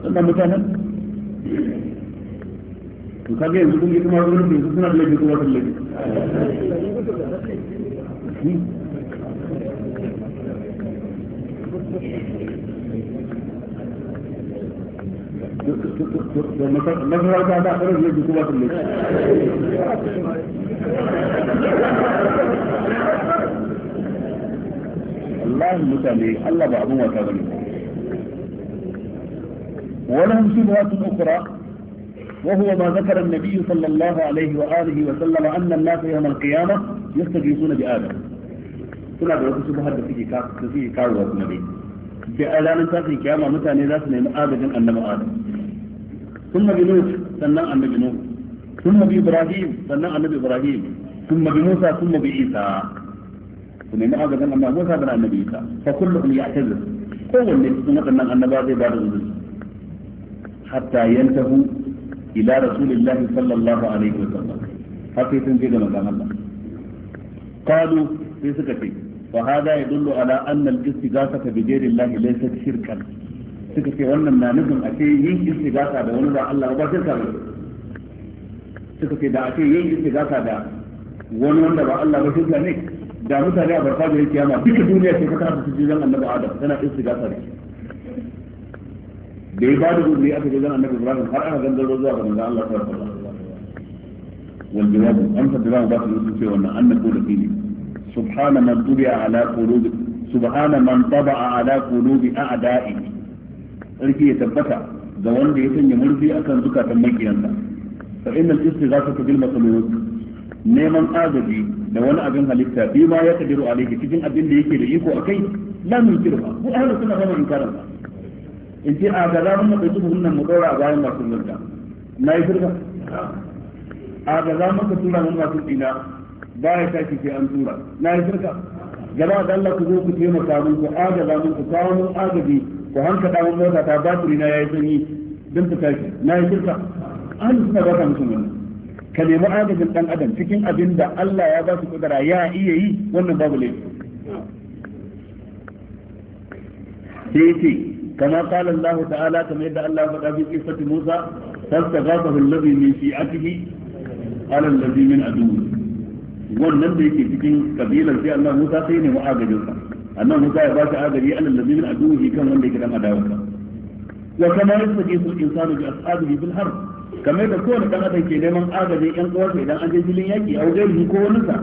mutanen to yanzu kun yi kuma suna da kuma da مظهر بعد خروج من جوات الليل الله المتالي الله بعضهم وكذلك ولهم شبهة أخرى وهو ما ذكر النبي صلى الله عليه وآله وسلم أن الناس يوم القيامة يستغيثون بآدم suna da wasu shubhar da النبي sai ranar tashin kiyama mutane za su nemi agajin annabi adam ثم بنوح سنن النبي ثم بإبراهيم سنن النبي ثم بموسى ثم بعيسى ثم نعوذ بالله من موسى بن النبي فكلهم يعتذر هو اللي سنن النبي زي بعد حتى ينتهوا إلى رسول الله صلى الله عليه وسلم حتى تنجد مكان الله قالوا في سكتين فهذا يدل على أن الاستغاثة بغير الله ليست شركا سكتي وانا ما نزم أكي يين استغاثة دا وانا دا الله أبا تسر سكتي دا أكي يين استغاثة دا وانا وانا دا الله أبا تسر نيك دا نتا لها برقاج الكيامة بك دوليا كي فتاة تسجيزا أنه آدم سنة استغاثة دا بي بعد قول لي أكي جزان أنك إبراهيم فرعا غندر وزا فرعا غندر الله سبحانه والجواب أنت بلا مباشر يوسف وأن أنك قول فيني subhana man tubi'a ala qulubi subhana man taba'a ala qulubi ya tabbata ga wanda ya sanya murfi akan zukatan makiyansa fa innal istighasatu bil makhluq neman agaji da wani abin halitta bi ma ya kadiru alayhi cikin abin da yake da iko akai la min kirma ko ahlu sunna ba mun karanta in a ga mu mu a bayan masu a tura mun masu ba ya sake sai an tura na yi shirka jama'a da Allah ku zo ku taimaka mun ku agaza mun ku kawo mun agaji ku hankada mun mota ta batiri na yayi sanyi dan ta tashi na yi shirka an suna ba ka musu mun ka nemi agajin dan adam cikin abin da Allah ya ba su kudura ya iya yi wannan babu laifi sai ce كما قال ya تعالى كما يدعى الله فقال في قصة موسى فاستغاثه الذي من شيعته على الذي من عدوه wannan da yake cikin kabilar sai Allah Musa sai ne mu agajin sa Musa ya ba shi agaji alal ladina aduhi kan wanda yake dan adawa wa kama yasaji sul insanu bi ashabihi bil harb kamar da kowane dan adam ke neman agajin yan uwarsa idan an je filin yaki a wajen ko wani sa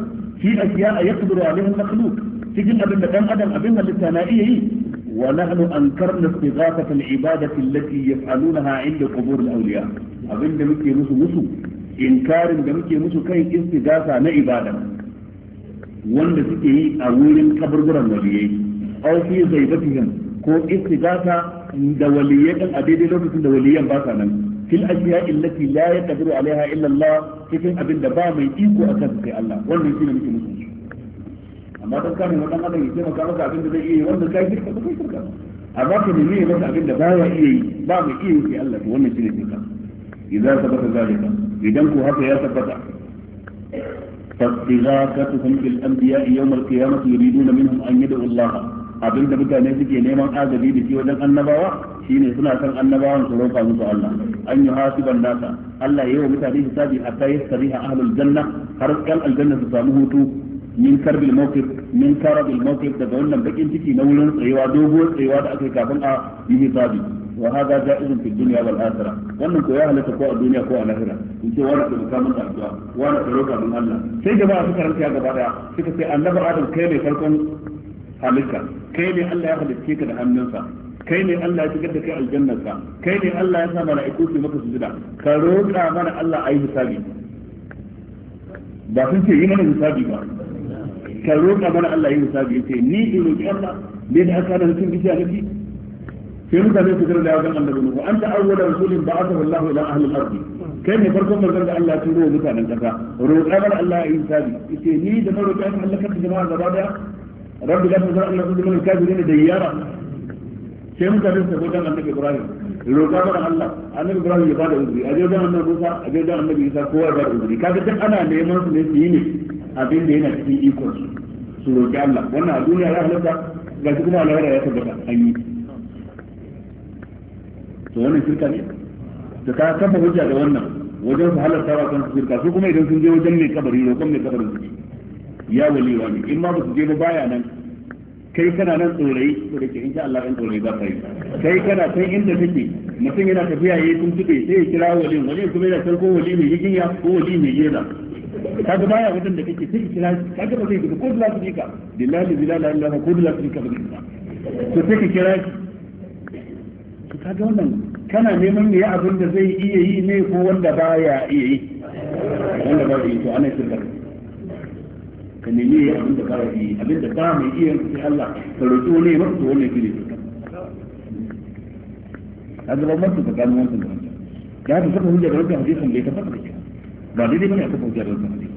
fi a yaqdiru alaihi al-makhluq cikin abin da dan adam abin halitta na iya yi wa nahnu ankarna istighathata al-ibadati allati yaf'alunaha 'inda qubur al-awliya abin da muke musu musu inkarin da muke musu kai istigasa na ibada wanda suke yi a wurin kaburburan waliyai aw fi zaibatihim ko istigasa da waliyai dan a daidai lokacin da waliyan ba sa nan fil ashiya allati la yaqdiru alaiha illa Allah cikin abin da ba mai iko akan kai Allah wannan shine muke musu amma dan kana wannan Allah ya taimaka maka abin da zai iya wannan kai shirka ba kai shirka amma ka nemi ya maka abin da ba ya iya yi ba mai iya yi Allah to wannan shine shirka idza sabata zalika idan ku haka ya tabbata fastighatatuhum bil anbiya yawm al qiyamati yuriduna minhum an yad'u Allah abinda mutane suke neman agabi da shi wajen annabawa shine suna san annabawan su roƙa musu Allah an yi hasiban nasa Allah yayi wa mutane hisabi hatta yastariha ahlul janna har kan aljanna su samu hutu min karbil mawqif min karabil mawqif daga wannan bakin ciki na wurin tsayuwa doguwar tsayuwa da aka yi kafin a yi hisabi wa hada jaizun fi dunya wal akhirah wannan ko ya halatta ko a duniya ko a lahira in ce wani da mukamin addu'a wani da roƙa don Allah sai jama'a suka rantsa gaba daya suka ce annabi adam kai ne farkon halitta kai ne Allah ya halicce ka da hannunsa kai ne Allah ya shigar da kai aljannarsa kai ne Allah ya sa mala'iku su maka sujuda ka roƙa mana Allah ayi hisabi ba sun ce yi mana hisabi ba ka roƙa mana Allah yi hisabi ce ni in roƙi Allah ne da aka da mutum bishiya nake sai mutane su kira da wajen annabi nuhu an ta awwala rasulin ba aka wallahu ila ahli al-ardi kai ne farkon manzon da Allah ya turo mutanen kasa roƙar Allah ya yi sabi yace ni da maroƙa an Allah kada jama'a gaba daya rabbi la tuzar Allah tuzar min kafirin da yara sai mutane su kira da annabi Ibrahim roƙar Allah annabi Ibrahim ya bada uzuri aje da annabi Musa aje da annabi Isa kowa ya bada uzuri kaga duk ana neman su ne su yi ne abin da yana cikin ikon su roƙi Allah wannan a duniya ya halatta ga kuma alawara ya tabbata an yi to wannan shirka ne to ka kafa hujja da wannan wajen su halarta wa kansu shirka su kuma idan sun je wajen mai kabari roƙon mai kabarin su ya wali wani in ma ba su je ba baya nan kai kana nan tsorai to da ke insha Allah in tsorai ba kai kai kana kan inda take mutum yana tafiya yayi tun tube sai ya kira wali wali kuma yana san ko wali mai yiginya ko wali mai yela kaga baya wajen da kake sai kira kaga ba zai ko da lafiya ka billahi billahi la ilaha illa huwa ko da lafiya ka ba to sai ka kira kaga wannan kana neman ne abin da zai iya yi ne ko wanda baya iya yi wanda ba yi to ana yin da ka nemi abin da baya yi abin da ba mai iya sai Allah ka roki wani ya maka wannan gine ka ga ba mutu ka ga wannan da ya ta saka hujja da wannan hadisin bai tabbata ba ba dai bane aka hujja da wannan hadisin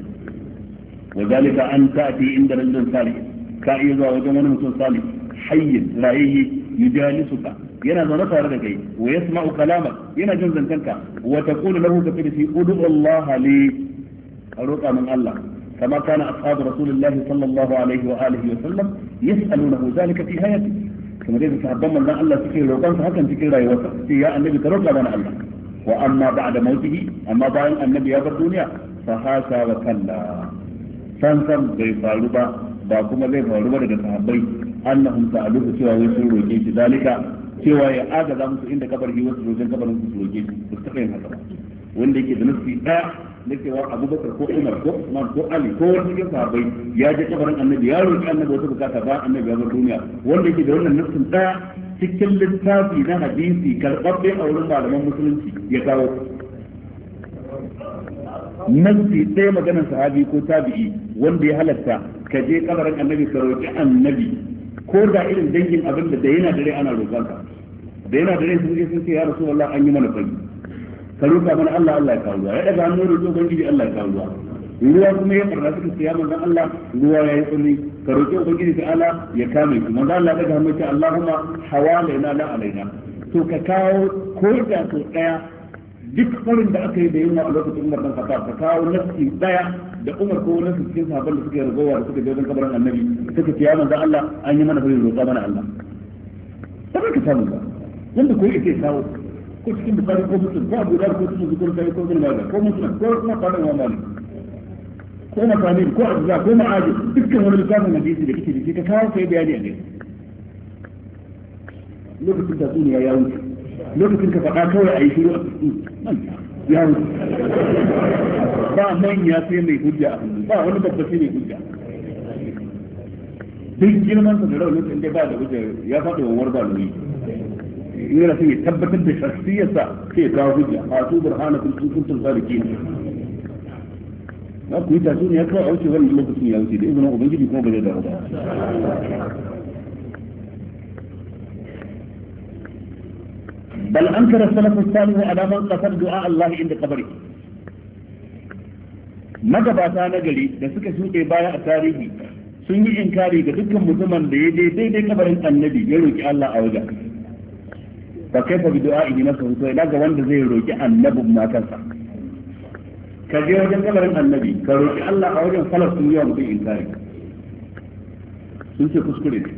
وذلك أن تأتي عند رجل صالح كأيضا وجمع mutum صالح حي رأيه يجالسك yana zaune tare da kai wa yasma'u kalamak yana jin zantanka wa taqulu lahu ka fi ud'u Allah li roƙa min Allah kama kana ashabu rasulillahi sallallahu alaihi wa alihi wa sallam yas'alunahu zalika fi hayati kamar yadda sahabban manzon Allah suke roƙon sa hakan cikin rayuwarsa sai ya annabi ka roƙa mana Allah wa amma ba'da mautihi amma bayan annabi ya bar duniya fa haka wa kalla san san bai faru ba ba kuma zai faru ba daga sahabbai annahum ta'aluhu cewa wai sun roƙe shi zalika cewa ya agaza musu inda yi wasu wajen kabarin su roke su taɓa yin haka wanda yake da nufi ɗaya na cewa abubakar ko umar ko usman ko ali ko wani cikin sahabbai ya je kabarin annabi ya roƙi annabi wata bukata ba annabi ya zo duniya wanda yake da wannan nufin ɗaya cikin littafi na hadisi karɓaɓɓe a wurin malaman musulunci ya kawo nafsi ɗaya maganar sahabi ko tabi'i wanda ya halatta ka je kabarin annabi ka roƙi annabi ko da irin dangin abin da yana dare ana roƙon ka da yana dare sun je sun ce ya rasulullah an yi mana fagi ka roƙa mana Allah Allah ya kawo ruwa ya daga hannu roƙo ubangiji Allah ya kawo ruwa ruwa kuma ya fara suka ce ya manzon Allah ruwa ya yi tsulli ka roƙi ubangiji ta Allah ya kame ki manzon Allah daga hannu ya ce Allahumma hawalaina la alaina to ka kawo ko da ko daya duk farin da aka yi da yunwa a lokacin Umar dan ka kawo nafsi daya da Umar ko wani cikin sahabban da suka ragowa da suka je wajen kabarin Annabi suka ce ya manzo Allah an yi mana fari roƙa mana Allah ba ka samu ba yanda ko yake kawo ko cikin bukari ko mutum ko abu da ko cikin zukur kai ko bin maza ko mutum ko kuma fara wa mali ko makani ko abu ko ma'aji dukkan wani littafin hadisi da kike da kike kawo kai bayani a gaisu lokacin da tsuniya ya wuce lokacin ka faɗa kawai a yi shiru a ya wuce ba manya sai mai hujja a hannu ba wani babba sai mai hujja duk girman sa da raunin in dai ba da hujja ya faɗi wa warba nauyi in yana sai ya tabbatar da shakhsiyarsa sai ya kawo hujja a su burhana kun kun kun zaliki ne na ku yi tasiriya kawai a wuce wannan lokacin ya wuce da izinin ubangiji kuma ba zai dawo ba بل انكر السلف الصالح على من قتل دعاء الله عند قبره magabata na gari da suka shuɗe baya a tarihi sun yi inkari ga dukkan mutumin da ya je daidai kabarin annabi ya roƙi Allah a wajen fa kai bi du'a idan ka hutu ina ga wanda zai roƙi annabin matansa ka je wajen kabarin annabi ka roƙi Allah a wajen falar sun yi wa mutum inkari sun ce kuskure ne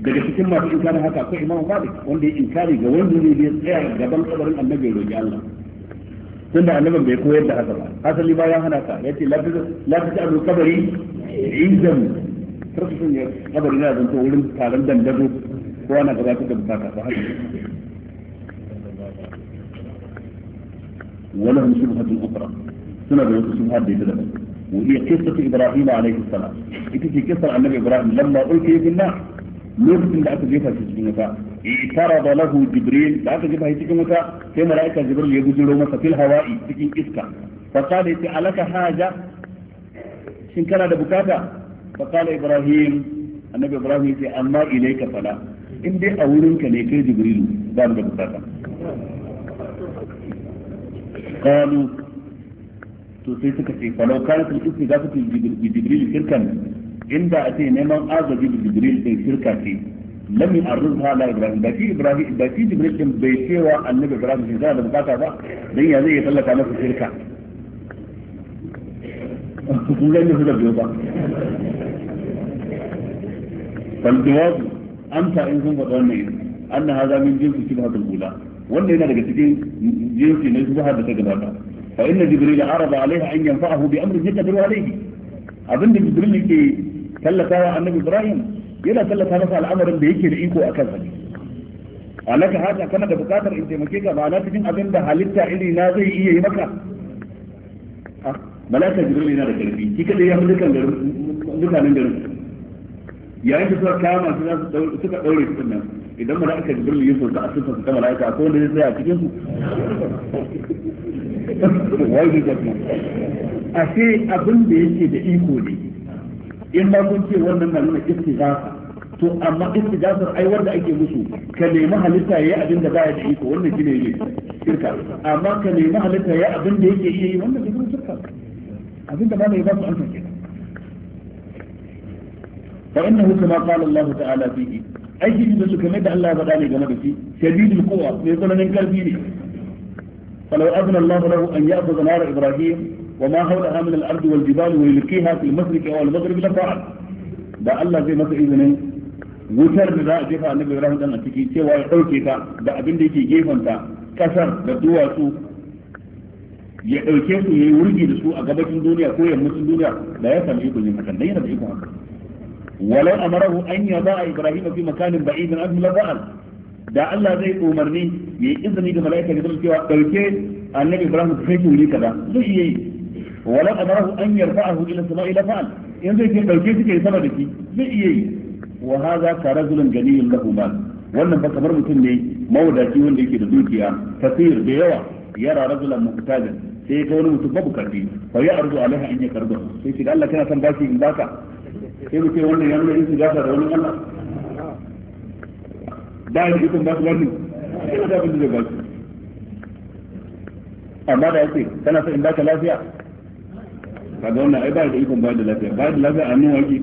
daga cikin masu inkari haka akwai imam malik wanda ya inkari ga wanda zai je tsaya gaban kabarin annabi ya roƙi Allah tun da annaban bai koyar da haka ba asali ba ya hana ka ya ce lafiya ta ta'alu kabari izam sarki sun ya kabari na zanto wurin taron dandazo ko ana gabatar da bukata ba haka wala hum shubhatun ukhra suna da wasu shubhat da ita daban وهي قصة إبراهيم عليه السلام. إذا في قصة عن النبي إبراهيم لما ألقي في النار lokacin da aka jefa shi cikin wuta itarada lahu jibril da aka jefa shi cikin wuta sai mala'ika jibril ya bujiro masa fil hawa'i cikin iska fa qala ya alaka haja shin kana da bukata fa qala ibrahim annabi ibrahim sai amma ilayka fala in dai a wurinka ne kai jibrilu ba da bukata Kalu to sai suka ce falau kana sun iske za su fi jibril shirkan inda a ce neman azabi da jibril din shirka ce lam yu'arrizha la ibrahim da ki ibrahim da ki jibril din bai cewa annabi ibrahim shi da bukata ba dan ya zai tallaka masa shirka kun ga ne da biyo ba fal jawab amsa in sun faɗa wannan an hada min jinsi shubhatul ula wannan yana daga cikin jinsi na shubha da ta gabata fa inna jibril arada alaiha an yanfa'ahu bi amrin yaqdiru alayhi abinda jibril yake a annabi ibrahim yana tallata masa al'amarin da yake da iko a kansa A laka haka kana da bukatar in taimake ka ba na cikin abin da halitta iri na zai iya yi maka ah, malaka jibril yana da karfi shi kadai ya fi dukan garin mutanen garin yayin da suka kama su za su suka daure su nan idan malaka jibril ya so ta asusa su ta malaka akwai wanda zai tsaya a cikin su wai ne ashe abin da yake da iko ne in ba kun ce wannan na nuna istighatha to amma istighasar ai wanda ake musu ka nemi halitta yayi abin da baya da iko wannan shine yake shirka amma ka nemi halitta yayi abin da yake yi wannan shine shirka abin da ba mai ba su an sanke fa innahu kama qala Allah ta'ala fihi aiki da suka mai da Allah ya faɗa ne game da shi shadidul quwa mai tsananin karfi ne falau azna Allah lahu an ya'khudha nar ibrahim وما حولها من الأرض والجبال ويلقيها في المشرق أو المغرب لا فعل ده الله زي ما سيدنا وتر ذا جفا النبي رحمه الله تكي سوى يقولكي تا ده أبن ديكي جيفا تا كسر ده دوا سو يقولكي سو يورجي دسو أقبك الدنيا كوية مس الدنيا لا يسأل إيكو جيفا كان دينا بإيكو هكذا ولو أمره أن يضع إبراهيم في مكان بعيد من أجل الفعل ده الله زي أمرني يإذن إيكو ملايكة جدل سوى يقولكي النبي إبراهيم تفيكي وليكا ده لو wala amara an yarfa'ahu ila sama'i la fa'al in zai ke dauke shi kai sama da shi zai iya yi wa hadha ka rajulun ganiyun lahu mal wannan ba kamar mutum ne mawadaci wanda yake da dukiya tasir da yawa yara rajulan muhtajan sai ga wani mutum babu karfi fa ya arzu alaiha an yakarba sai shi da Allah kana san shi in baka sai mu ce wannan ya nuna in gasa da wani Allah da yake kun ba su wani sai da bin da ba su amma da yake kana san in baka lafiya kaga wannan ai ba da ikon ba da lafiya ba da lafiya a nuna waki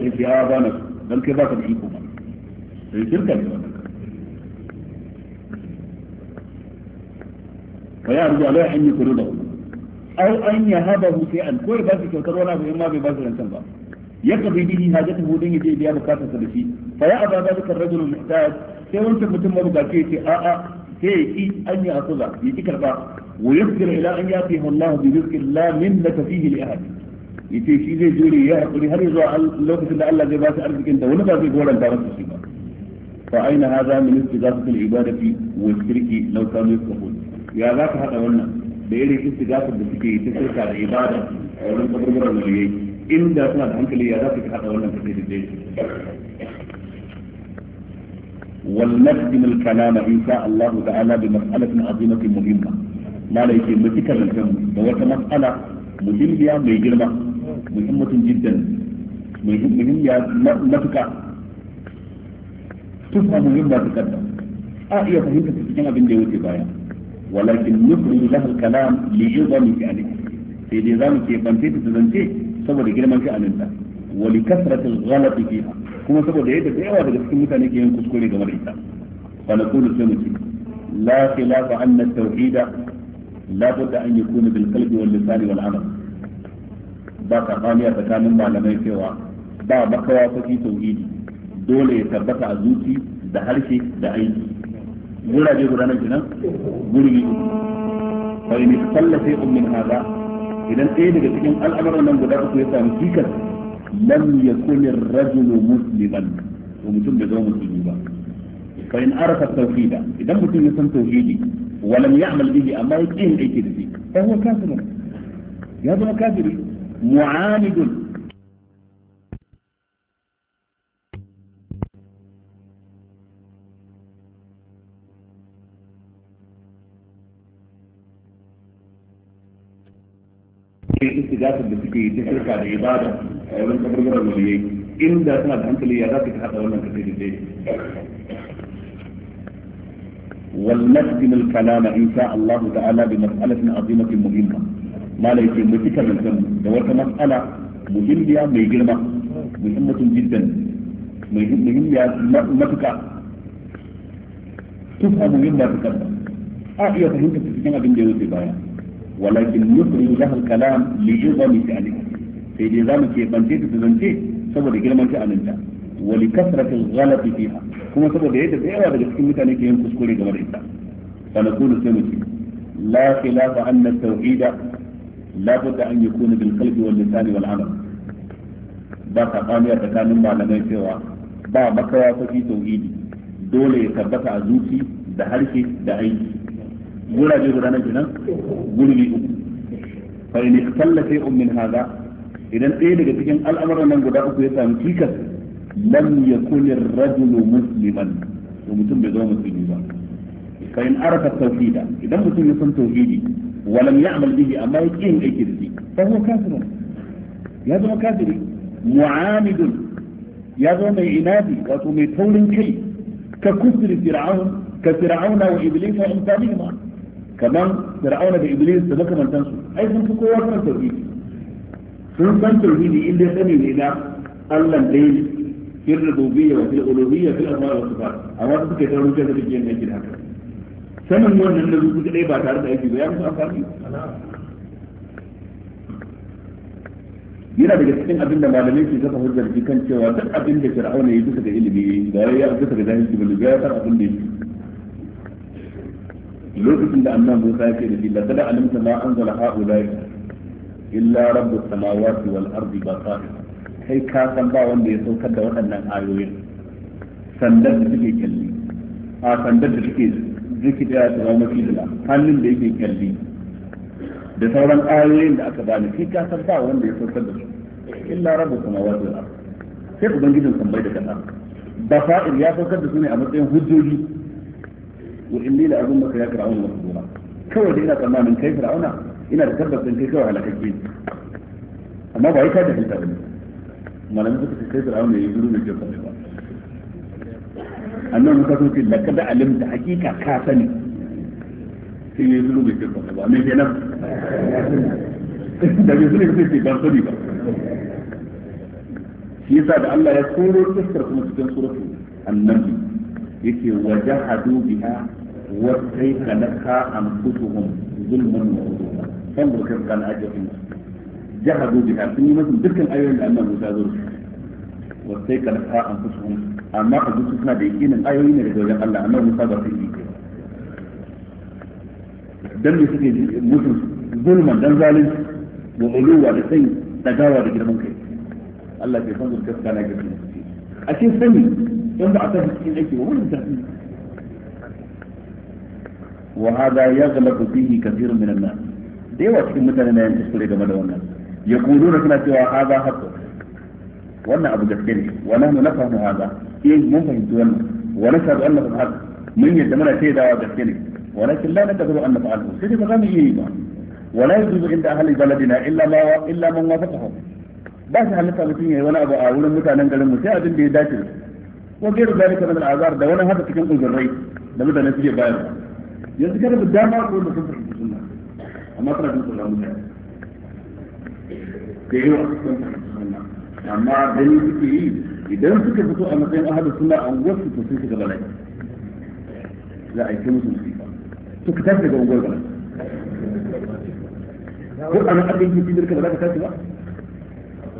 sai ki a bana dan kai baka da iko ba sai shirka ne fa ya arzu alai an yukuru da au an yahabahu sai an ko ba su kyautar wani abu in ma bai ba su rantan ba ya kabi bihi hajatuhu dan yaje biya bukatarsa da shi fa ya aba ba ar-rajul muhtaj sai wancan mutum mabukaci ya ce a'a سيكي أن يأخذها يكي كربا ويقدر إلى أن يأتيه الله برزق لا منة فيه لأحد يكي شيء زي جوري يا أخي هل يزوى اللوكة إن الله زي باس أرزك أنت ولا في يقول أنت رب فأين هذا من استغاثة العبادة والشرك لو كانوا يفتحون يا ذاك حتى قلنا بإيه استغاثة بسكي تسرك على العبادة ولم تبرر الوليين إن ده أصلا عنك لي يا ذاك حتى قلنا في ولنقدم الكلام إن شاء الله تعالى بمسألة عظيمة مهمة ما لا يكي متكا لكم دوات مسألة مهمة ميجرمة مهمة جدا مهمة متكا تسمى مهمة تكتا آئية فهمت تسكينا بن ديوتي بايا ولكن نخرج لها الكلام لعظم فعله في نظام كيف أنت تتزنتي سوى لكلمة فعلنا ولكثرة الغلط فيها kuma saboda yadda da yawa daga cikin mutane ke yin kuskure game da ita fa naqulu sai mu ce la khilafa anna tauhida la budda an yakuna bil qalbi wal lisani wal amal ba ka a tsakanin malamai cewa ba makawa faki tauhidi dole ya tabbata a zuci da harshe da aiki guraje guda nan kenan gurbi fa in kalla sai ummin hada idan ɗaya daga cikin al'amuran nan guda uku ya samu cikas لم يكن الرجل مسلما ومتم بدون مسلما فإن عرف التوحيد إذا مسلم يسمى توحيدي ولم يعمل به أما يكين أي فهو كافر يا كافر معاند irin آه، إيه؟ إيه الكلام إن شاء الله تعالى بمسألة عظيمة مهمة ما ليس من الزم دورت مسألة مهمة ميجرمة مهمة جدا مهمة متكة تفهم مهمة تكبر آه يا فهمت تفهم أبن بايا walakin yusri lahal kalam li yuzami ta'alik sai dai zamu ke bance ta zance saboda girman sha'aninta wa li kasrati ghalat fiha kuma saboda yadda da yawa daga cikin mutane ke yin kuskure game da ita fa naqulu sai mu ce la khilafa anna at-tauhid la budda an yakuna bil qalbi wal lisani wal amal ba ka kamiya tsakanin malamai cewa ba makawa saki fi tauhidi dole ya tabbata a da harshe da aiki gurabe guda na kenan gurbi uku fa in ikhtalla shay'un min hada idan ɗaya daga cikin al'amuran nan guda uku ya samu cikas lam yakun ar-rajulu musliman to mutum bai zama musulmi ba fa in arafa tawhida idan mutum ya san tauhidi wa lam ya'mal bihi amma ya yin aiki da shi fa huwa kafirun ya zama kafiri mu'amidun ya zama mai inadi wato mai taurin kai ka kufri fir'aun ka fir'auna wa iblisa wa amsalihima kaman fir'auna da iblis da makamantan su ai sun fi kowa kan tauhidi sun san tauhidi inda ya sani ne na Allah dai fil rububiyya wa fil uluhiyya fil asma wa sifat amma su suke tarin da suke yin aiki haka sanin wannan da su kadai ba tare da aiki ba ya musu amfani yana daga cikin abin da malamai ke kafa hujjar kan cewa duk abin da fir'auna ya bisa da ilimi ba ya bisa da jahilci ba ya san abin da yake lokacin da annabi Musa ya ce da shi laqad alimta ma anzala haula'i illa rabbus samawati wal ardi basair kai ka san ba wanda ya saukar da waɗannan ayoyin sandar da suke kyalli a sandar da suke zikira da zama fitila hannun da yake kyalli da sauran ayoyin da aka bani kai ka san ba wanda ya saukar da su illa rabbus samawati wal ardi sai ubangijin sammai da kasa basair ya saukar da su ne a matsayin hujjoji وإني وإليل أعلمك يا فرعون مخبورا كوالي إلا طمام من كيف رعونا إلا تتبت من كيف رعونا كجبين أما بعيك هذا حيث أقول ما لم تكن كيف رعونا يجرون الجرس الله أنه مكتوك لك بعلم تحكيك كاسني في يجرون الجرس الله أمين في نفس دا يجرون الجرس الله بانصري بار شيسا دا الله يسورو تسرقون سورة النبي يكي وجهدوا بها وكيف نكا أنفسهم ظلما وعدوما فانظر كيف كان أجرهم جحدوا بها في مثل تلك الآية اللي أنه وكيف نكا أنفسهم أما قد يسكنا بإيكين الآية اللي قال الله أنه تازل في إيكين dan me suke ظلما دم dan zalunci da uluwa da sai tagawa da girman kai Allah bai في zuciya kana girman kai a cikin sani in ba وهذا يغلب به كثير من الناس دي واش مثلا ما ينتصر إذا مدى يقولون كما سوى هذا حق وانا أبو جسدين ونحن نفهم هذا إيه ممكن تولنا ونشهد أنه هذا من يتمنى سيدا وجسدين ولكن لا نتفر أن نفعله سيدي مغامي إيه ولا يجوز عند أهل بلدنا إلا ما إلا من وافقهم بس هل نسأل فيه وانا أبو أعول مثلا قال المساعد بيداتل وغير ذلك من الأعذار ده وانا هذا تكن قلت الرئيس لابد أن نسجي بايرو يذكر بالدامة كل مسلسل في السنة وما ترى في مسلسل أمو جاي كيهو أما بني فكي إذا فكر فتو أن أقيم أهل السنة أو وفت تسيسي قبلين لا أي كم مسلسل فيها تو كتاب لك أنا قبلين قرآن أبيه من تدرك بلاك كاتبا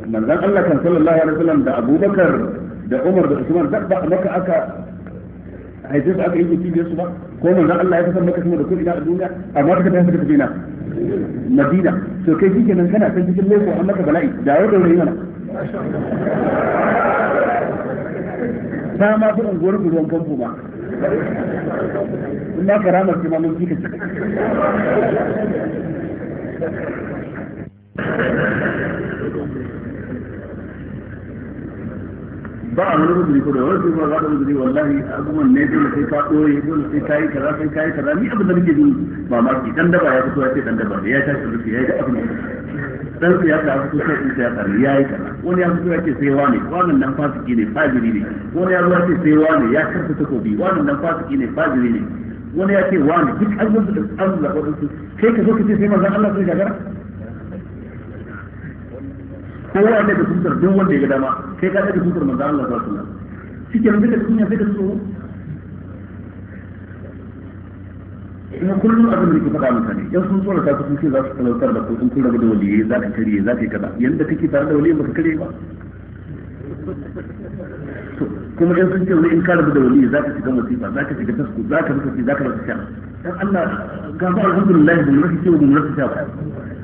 من ذلك الله كان صلى الله عليه وسلم دا أبو بكر دا عمر دا عثمان دا دا مكة أكا haife su aka yi gudu da su ba ko manzon Allah ya fitar maka da kudi a duniya amma suka tafi suka tafi na Madina to kai shi kenan kana san cikin laifin an maka bala'i da yau da wuri mana ta ma fi unguwar ruwan kanku ba in ma karamar ce ma mun ka Thank you. ba a wani gudun ko da wani su ba za ka gudun wallahi abubuwan ne dole sai ka ɗoye dole sai ka yi kaza sai ka yi kaza ni abin da nake jin mamaki dan daba ya fito ya ce dan daba ya tashi rufi ya yi abin da dan su ya fito sai ta ne ya yi kaza wani ya fito ya ce sai wane wannan nan fasiki ne fajiri ne wani ya zo ya ce sai wane ya karfa takobi wannan nan fasiki ne fajiri ne wani ya ce wane duk an zo da an zaɓa su kai ka zo ka ce sai manzon Allah sai gagara ko ya ne da sunnar duk wanda ya ga dama kai ka da sunnar manzo Allah sallallahu alaihi wasallam shikenan da kunya sai da su kuma kullum abin da ke faɗa mutane yan sun tsora ta sun ce za su talautar da kuɗin kun rabu da waliyai za ka karye za ka yi kaza yanda kake tare da waliyai baka karye ba kuma yan sun ce wani in ka rabu da waliyai za ka shiga masifa za ka shiga tasku za ka rufe za ka rufe sha dan Allah ga ba alhamdulillah mun rasa cewa mun rasa sha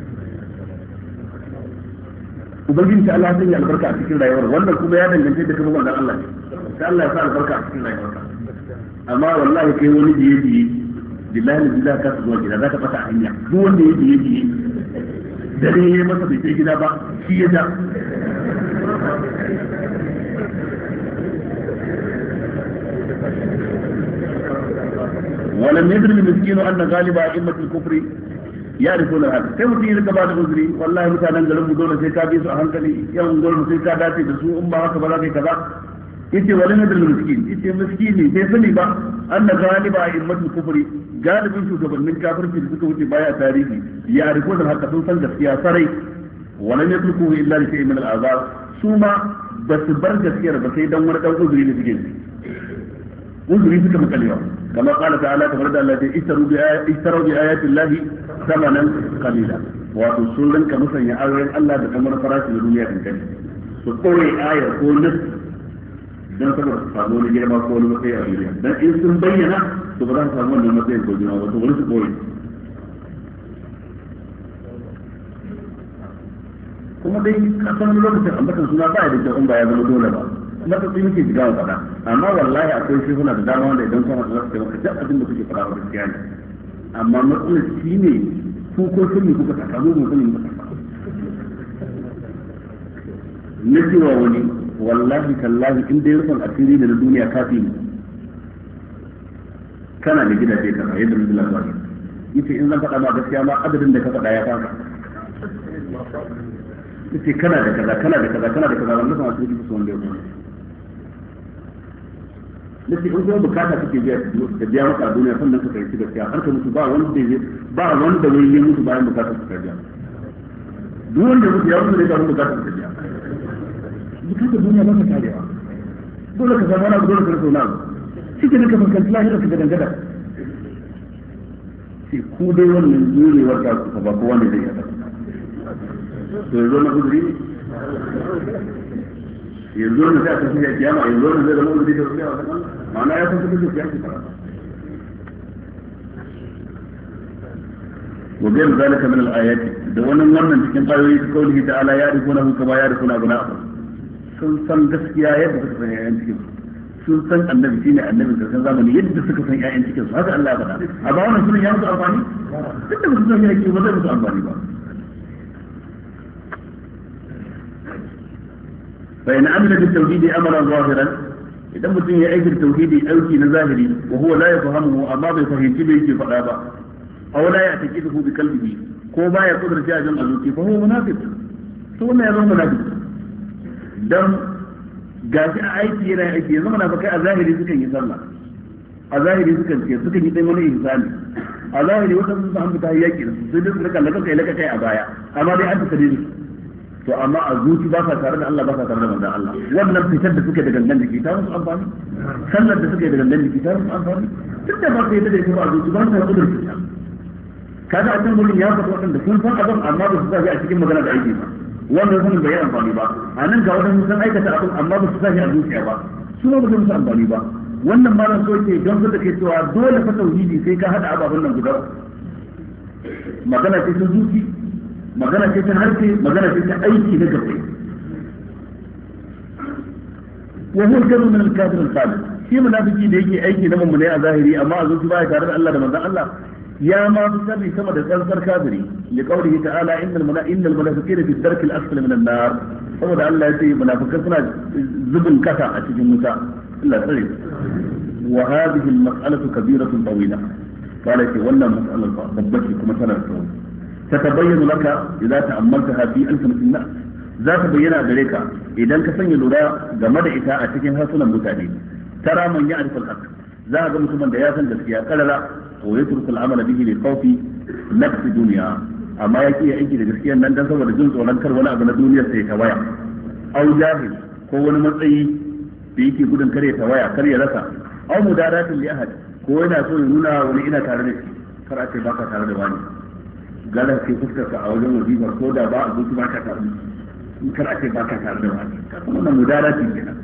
ubangiji ta Allah ya albarka a cikin rayuwar wannan kuma ya dangance da kuma wannan Allah ne ta Allah ya sa albarka a cikin rayuwarka amma wallahi kai wani biye biye billahi ne za ka zuwa gida zaka ka fata hanya duk wanda ya biye biye ne ya masa bai kai gida ba shi ya da ولم يدر المسكين أن غالب أئمة الكفر ya rufe da hada sai mutum ya rika ba da uzuri wallahi mutanen garin mu dole sai ka bi su a hankali yan dole sai ka dace da su in ba haka ba za ka yi kaza yace wani nadal miskin yace miskini bai sani ba anna galiba a immatul kufri galibin shugabannin kafirci da suka wuce baya tarihi ya rufe da haka sun san gaskiya sarai ne kuku illa li shay'in min al'azab su ma ba su bar gaskiyar ba sai dan wani dan uzuri ne suke uzuri suka makalewa كما قال تعالى تفرد الذي اشتروا بآيات الله ثمنا قليلا wato sun rinka musanya ayoyin Allah da kamar farashi na duniya kan gani su kore ayar ko nas dan saboda su samu wani girma ko wani matsayi a duniya dan in sun bayyana to ba za su samu wannan matsayin ko girma ba to wani su kore kuma dai kasan lokacin ambatan suna ba da kyau in ba ya zama dole ba kuma ta tsini ke shiga wa faɗa amma wallahi akwai shi suna da dama wanda idan kuma za su ce maka duk abin da kuke fara wa gaskiya ne amma matsalar shi ne ku ko sun yi kuka tafa mu mutum yi kuka saka na cewa wani wallahi tallahi in dai rufin asiri da na duniya kafi ne kana da gida ce kaza yadda mun bilan wani yace in zan faɗa ma gaskiya ma adadin da ka faɗa ya fara yace kana da kaza kana da kaza kana da kaza wanda kuma yi kusa wanda ya kuma lafi in kuma bukata kake biya da biya maka duniya sannan ka karbi gaskiya har ka mutu ba wanda ya ba wanda wai ya mutu bayan bukata ka biya duk wanda mutu ya mutu ne ka bukata ka biya bukata duniya ba ta karewa dole ka samu na dole ka rasa na shi ke duka fuskanci lahira ka gadan gada sai ku dai wannan jurewar ta ku ba kowa ne zai yi to yanzu na guduri yanzu wannan sai a tafi ya kiyama yanzu wannan zai zama wanda zai tafi a wajen ma'ana ya san kuma zai kiyama wa bayan zalika min al-ayat da wannan wannan cikin ayoyi ta kaulihi ala ya rikuna hu kama ya rikuna guna sun san gaskiya yadda suka san yayan cikin sun san annabi shine annabi da san zamani yadda suka san yayan cikin su haka Allah ya faɗa a ba wannan sunan ya musu amfani duk da musu san yake ba zai musu amfani ba فإن عمل بالتوحيد أمرا ظاهرا إذا مثل يعيش التوحيد أوكي نزاهري وهو لا يفهمه أباضي فهي تبيكي فقابا أو لا يعتقده بقلبه كوبا يقدر شيئا جمع ذوكي فهو منافق سوى ما يظهر منافق دم قاسي أعيتي إلى أعيتي يظهر منافق أظاهري سكن يسمى أظاهري سكن يسمى سكن يتيم ولي إنساني أظاهري وقت سبحان بتاهي يكي سيدي سبحان لك لك كي لك كي أبايا أما دي عدد سبيلي to amma a zuci ba sa tare da Allah ba sa tare da manzon Allah wannan fitar da suke da gangan jiki ta musu amfani sallar da suke da gangan jiki ta musu amfani duk da ba su yi da ita a zuci ba sa kudur fita kaga a can gurin ya faɗi da sun san abin amma ba su sa a cikin magana da aiki ba wannan sanin bai yi amfani ba a nan ga waɗanda sun aikata abin amma ba su sa a zuciya ba su ma ba su amfani ba wannan malam so ke don su da ke cewa dole fa tauhidi sai ka hada ababen nan guda magana ce ta zuci magana ce ta harshe magana ce ta aiki na gabai wa huwa kazu min al-kafir al-salih shi munafiki da yake aiki na mummune a zahiri amma a zuci baya tare da Allah da manzon Allah ya ma fi sharri sama da tsantsar kafiri li qawlihi ta'ala innal munafiqina innal munafiqina fi ad-dark al-asfali min an-nar saboda Allah ya ce munafikai suna zubin kasa a cikin wuta Allah tsare wa hadhihi al-mas'alatu kabiratun tawila kana ce wannan mas'alar babbace kuma tana da tsawo فتبين لك إذا تأملتها في ألسنة الناس za ka bayyana gare ka idan ka sanya lura game da ita a cikin harsunan mutane tara man ya arifal haq za ka ga mutumin da ya san gaskiya karara to ya turku al'amala bihi li khawfi nafsi duniya amma ya ki aiki da gaskiyan nan dan saboda jin tsoron kar wani abu na duniya sai ta waya au jahil ko wani matsayi da yake gudun kare ta waya kar ya rasa au mudaratin li ahad ko yana so ya nuna wani ina tare da shi kar a ce baka tare da wani garan sai fuskar ka a wajen walimar ko da ba a zuci ba ka tare in kar ake ba ka tare da ba wani wannan mudara ce kenan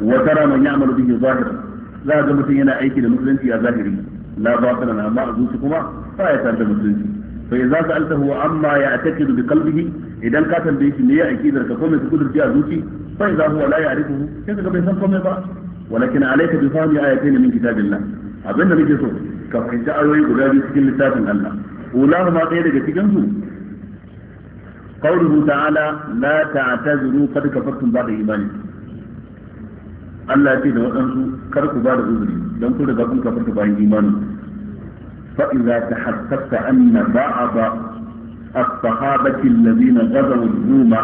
wata tara ya ya'malu bihi zahiran za a ga mutum yana aiki da musulunci a zahiri la batilan amma a zuci kuma ba ya tare da musulunci fa idza sa'altahu amma ya ya'taqidu bi qalbihi idan ka tambaye shi me ya aqidar ka ko su kudurci a zuci fa idza huwa la ya'rifuhu sai ka bai san komai ba walakin alayka bi fahmi ayatin min kitabillah abinda nake so ka fahimci ayoyi guda biyu cikin littafin Allah ulahuma ɗaya daga cikin su qawluhu ta'ala la ta'tazuru qad kafartum ba'da imanikum Allah ce da waɗansu kar ku ba da uzuri don ku riga kun kafarta bayan imani fa idza tahassabta anna ba'd as-sahabati alladhina ghazaw az-zuma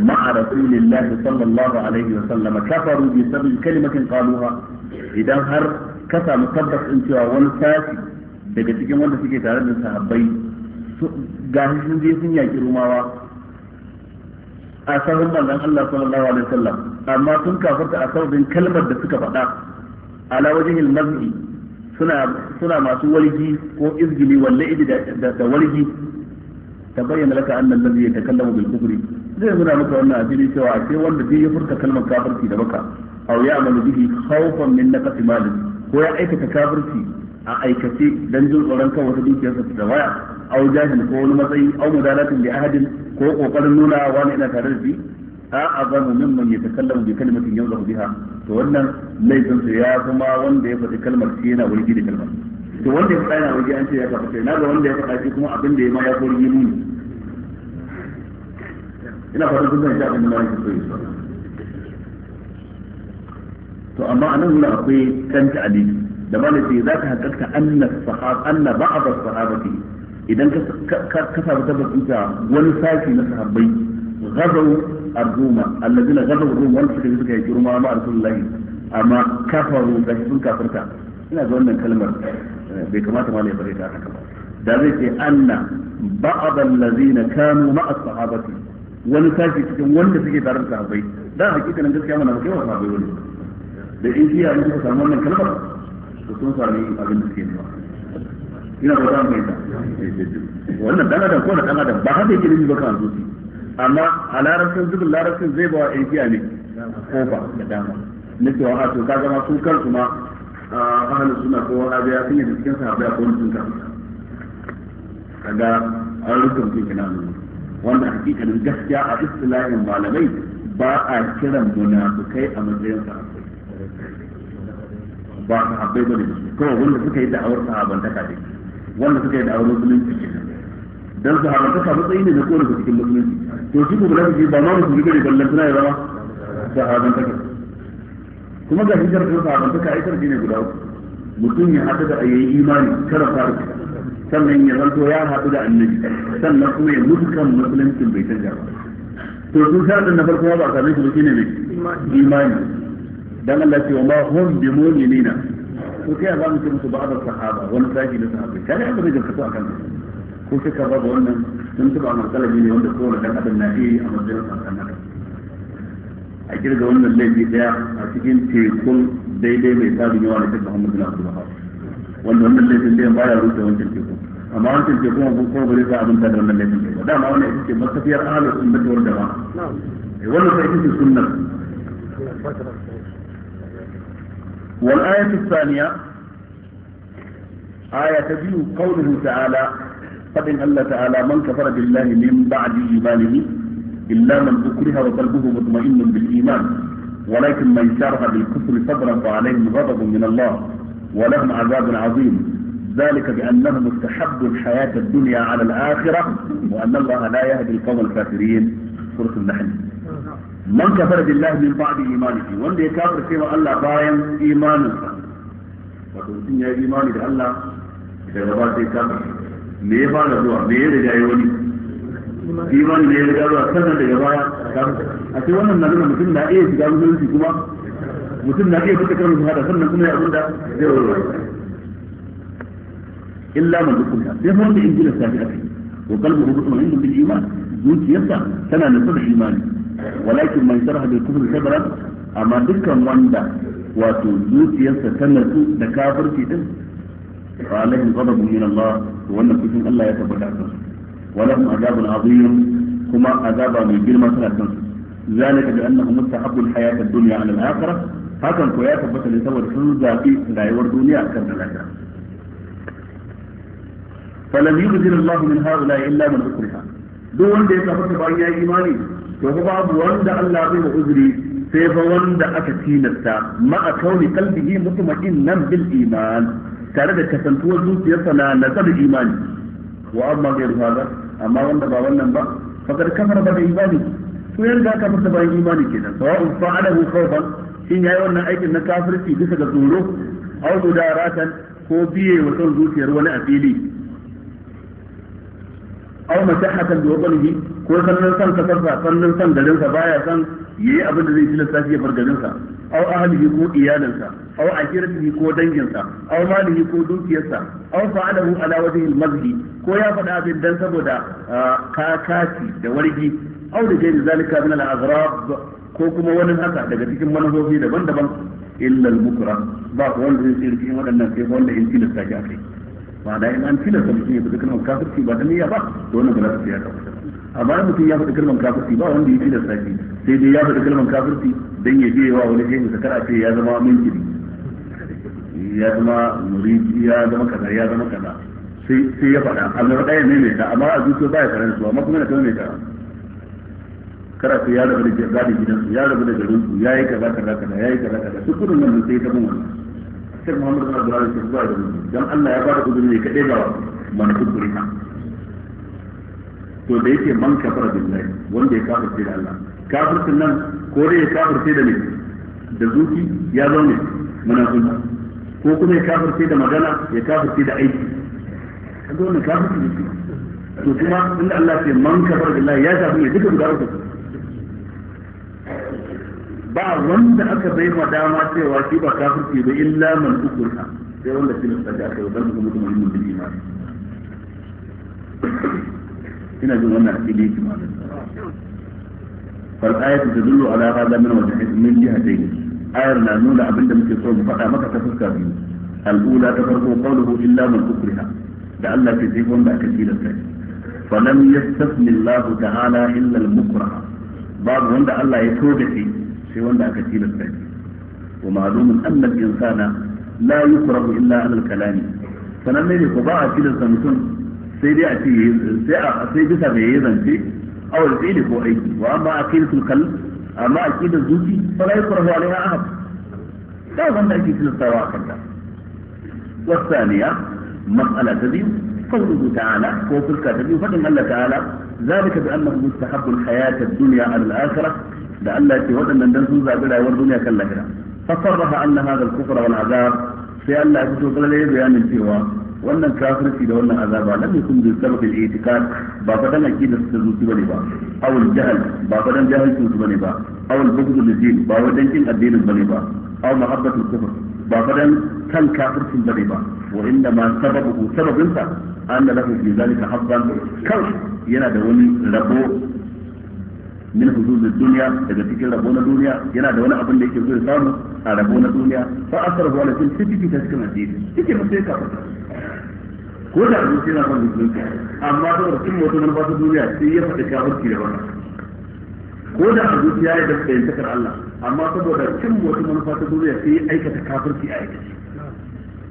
ma'a rasulillah sallallahu alaihi wa sallam kafaru bi sabab kalimatin qaluha idan har ka samu tabbas in cewa wani sashi daga cikin wanda suke tare da sahabbai ga sun je sun yaki rumawa a sahun manzon Allah sallallahu alaihi wasallam amma sun kafarta a sababin kalmar da suka faɗa ala wajen ilmazi suna suna masu walgi ko izgili walle da da walgi ta bayyana laka annal ladhi yatakallamu bil kufri zai nuna maka wannan asiri cewa sai wanda zai yi furta kalmar kafirci da baka aw ya'malu bihi khawfan min naqsi malik ko ya aikata kafirci a aikace dan jin tsoron kan wata dukiyar su da waya au jahil ko wani matsayi au mudalatin li ahadin ko kokarin nuna wani ina tare da shi a azamu man yatakallamu bi kalimatin yanzahu biha to wannan laifin su ya kuma wanda ya faɗi kalmar shi yana wurgi da kalmar to wanda ya faɗa yana wurgi an ce ya faɗa sai naga wanda ya faɗa shi kuma abin da ya ma ya wurgi muni ina fata kun san shi abin da na yi so to amma anan wuri akwai kanta aliki da malaki za ka haƙaƙta anna ba'ad sahabati idan ka sabu tabbacin ta wani sashi na sahabbai gazaw arzuma allazina gazaw rum wanda suka yi suka yi girma ma rasulullahi amma kafaru da sun kafirta ina ga wannan kalmar eh, bai kamata ma malai bare ta haka ba da zai ce anna ba'ad allazina kanu ma'a sahabati wani sashi cikin wanda suke tare da sahabbai da hakikanin gaskiya mana ba kai wa sahabbai wani da in shi ya yi suka samu wannan kalmar to sun sami abin ba a larabcin zubin larabcin zai bawa kofa da dama na cewa a to ka zama su kansu a ahalin suna ko da cikin a sun kansu kaga an kina nuna gaskiya a istilahin malamai ba a kiran munafukai a matsayin sa. ba sahabbai ba da su kawai wanda suka yi da'awar sahabantaka ne wanda suka yi da'awar musulunci ne dan sahabantaka matsayi ne na kowane su cikin musulunci to shi kuma lafi ba ma musulunci bane ballan suna ya zama sahabantaka kuma ga hijar da sahabantaka ai sarki ne guda uku mutum ya haɗu da ayyayi imani kara faru sannan ya zanto ya haɗu da annabi sannan kuma ya mutu kan musuluncin bai canja ba to sun sharadin na farko ba a same shi ba shi ne mai imani dan Allah ce wa ma hum bi mu'minina to kai ba mu ce musu ba'da sahaba wani sashi da sahaba kai an zai jirka akan ko sai ka rabu wannan dan sun ba matsalabi ne wanda ko dan adam na iya a matsayin sansan haka a kirga wannan laifi daya a cikin tekun daidai mai tsarin yawa da shi Muhammadu na Abdul Wahab wanda wannan laifin da baya rufe wancan tekun amma wancan tekun abun ko ba zai sa abin da wannan laifin ba dama wannan ita ce masafiyar ahlus ummati wal jama'a wannan sai ita ce والآية الثانية آية تبيه قوله تعالى قد إن الله تعالى من كفر بالله من بعد إيمانه إلا من أكره وقلبه مطمئن بالإيمان ولكن من شرح بالكفر صبرا فعليهم غضب من الله ولهم عذاب عظيم ذلك بأنهم استحبوا الحياة الدنيا على الآخرة وأن الله لا يهدي القوم الكافرين سورة النحل man kafara billahi min ba'di imanihi wanda ya kafir cewa Allah bayan imaninsa wato mutum ya yi imani da Allah daga ba sai kafir me ya fara zuwa me ya yi ya wani imani ne ya riga zuwa sannan daga baya kafir a ce wannan na nuna mutum na iya shiga shi kuma mutum na iya fita karin hada sannan kuma ya abinda zai warware illa man dukunta sai fa wanda injila ko akai wa qalbuhu mutma'innun bil iman zuciyarsa tana nutsu da imani walakin man sharaha bil kufri sadran amma dukkan wanda wato zuciyarsa ta natsu da kafirci din fa alaihi ghadabun min Allah to wannan fushin Allah ya tabbata a kansu wa lahum azabun azim kuma azaba mai girma tana kansu zalika bi annahum mustahabbu al-hayat ad-dunya 'ala al-akhirah hakan ko ya tabbata ne saboda sun zafi rayuwar duniya akan da lahira falam yubdil Allah min ha'ula illa man ukriha duk wanda ya tabbata bayan ya imani to fa babu wanda Allah zai mu uzuri sai fa wanda aka tilasta ma a kauni kalbihi mutma'innan bil iman tare da kasantuwar zuciyarsa na nazar imani wa amma ghayr hada amma wanda ba wannan ba fakar kamar ba da imani su yanda aka masa bayan imani kenan fa sawa'un fa'alahu khawfan shin yayi wannan aikin na kafirci bisa ga tsoro au aw mudaratan ko biye wa son zuciyar wani a fili aw mashahatan bi wadalihi ko sannan san ka sannan san garinsa baya san yayi abin da zai ci lissafi ya bar garin sa aw ahlihi ko iyalinsa aw ajiratihi ko danginsa aw malihi ko dukiyarsa aw fa'alahu ala wajhi al-mazhi ko ya faɗa abin dan saboda kakaci da wargi aw da gairi zalika min al-aghrab ko kuma wani haka daga cikin manufofi daban-daban illa al-mukra ba wanda zai tsiri cikin waɗannan sai wanda in lissafi a akai ba da in an tilasta mutum ya fi kalmar kafirci ba da niyya ba to wannan ba za su ya da a bayan mutum ya faɗi kalmar kafirci ba wanda ya tilasta shi sai dai ya faɗi kalmar kafirci don ya je wa wani shehu sakar a ce ya zama minkiri ya zama muridi ya zama kaza ya zama kaza sai ya faɗa amma ɗaya ne mai ta amma a zuciya ba ya faɗa su amma kuma na ta mai ta kara su ya rabu da gadin gidansu ya rabu da garinsu ya yi kaza kaza kaza ya yi kaza kaza su kudin nan sai ta bin wannan sai Muhammad bin Abdul Aziz zuwa da mutum don Allah ya bada uzuri ne kadai ga man kufurika to da yake man kafara billahi wanda ya kafirce da Allah kafircin nan ko dai ya kafirce da ne da zuci ya zo ne munafiki ko kuma ya kafirce da magana ya kafirce da aiki kaga wannan kafirci ne to kuma inda Allah ya man kafara billahi ya shafi ne duka guda uku ba wanda aka bai ma dama cewa shi ba kafirci ba illa man ukurha sai wanda shi ne saka aka yi zan ga mutum mun bin imani ina jin wannan cikin hikima fal ayatu tadullu ala hadha min wajhayn min jihatayn ayar na nuna abinda muke so mu faɗa maka ta fuska biyu al'ula ta farko qawluhu illa man ukriha da Allah ke sai wanda aka tilasta shi falam yastasmi Allah ta'ala illa al-mukraha babu wanda Allah ya so da shi sai wanda aka tilasta shi wa ma'lumun anna al-insana la yukrahu illa ala al-kalam sananne ne ko ba a tilasta mutum sai dai a ce sai a sai bisa da yayi zance aw al-fi'li ko aiki wa amma aqidatul qalb amma aqidatul zuci fa la yukrahu alaiha ahad ba wanda ake tilastawa akan ta والثانية مسألة تبيو قوله تعالى وفرقة تبيو فإن الله تعالى ذلك بأنه مستحب الحياة الدنيا على الآخرة da Allah ya ce waɗannan dan sun zabi rayuwar duniya kan lahira fa sarraha anna hadha al-kufr wal azab sai Allah ya fito kalle bayanin cewa wannan kafirci da wannan azaba lam yakun bi sabab al-i'tiqad ba fa dan aqida su zuci bane ba aw al-jahl ba fa dan jahilci su bane ba aw al-bughd lid-din ba wa dan kin addinin bane ba aw mahabbat al-kufr ba fa dan kan kafircin bane ba wa inda ma sababu sababinsa an da lahu fi zalika habban kan yana da wani rabo min huzuzul duniya daga cikin rabo na duniya yana da wani abin da yake zuwa samu a rabo na duniya fa asar wala sun ciki ta cikin addini cikin ba sai ka ko da mun sai na son musulunci amma da cikin wato na ba su duniya sai ya faɗi kafirci da wannan ko da a zuciya ya dafa yin takar Allah amma saboda cin wata manufa ta duniya sai ya aikata kafirci a aikace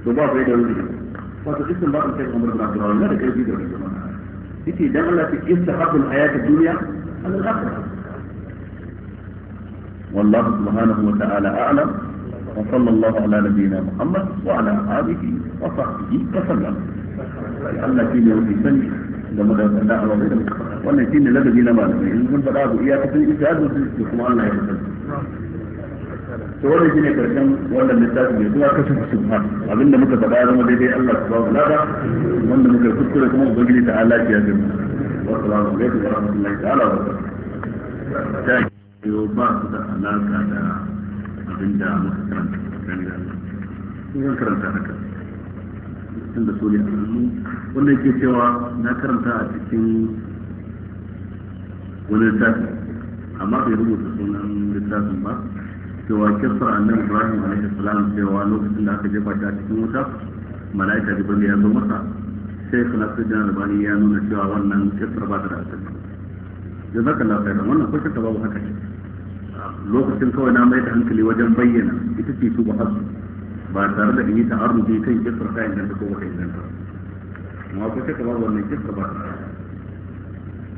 to ba bai da wuri wato istin ba ta kai kamar da na da kai da wannan yake dan Allah ta istahabul hayatid duniya والله سبحانه وتعالى أعلم وصلى الله على نبينا محمد وعلى آله وصحبه وسلم التي من في سنة لما لا تنعى وغيره وأن يتين لدى دينا مالك من بقاعد إياك في إجاد وسلم الله يا رسول تولي جيني كرشم ولا النساء بيسوا كشف سبحان وابن نمك تبايا رمضي الله سبحانه وتعالى وابن نمك تذكر كمو بجلي تعالى جيازم والسلام عليكم ورحمة ba su da alaka sun karanta da soli ke cewa na karanta a cikin wani littafi amma bai rubuta sunan littafin ba cewa kisar annan ibrahim alaihi salam cewa lokacin da aka jefa shi a cikin wuta mala'ika jibril ya zo masa sai khalasu da albani ya nuna cewa wannan kisar ba ta da asali da zaka lafiya wannan ko ta babu haka lokacin kawai na mai da hankali wajen bayyana ita ce su ba hasu ba tare da in yi ta'arrufi kan kisar ta inganta ko ba inganta amma ko ta babu wannan kisar ba ta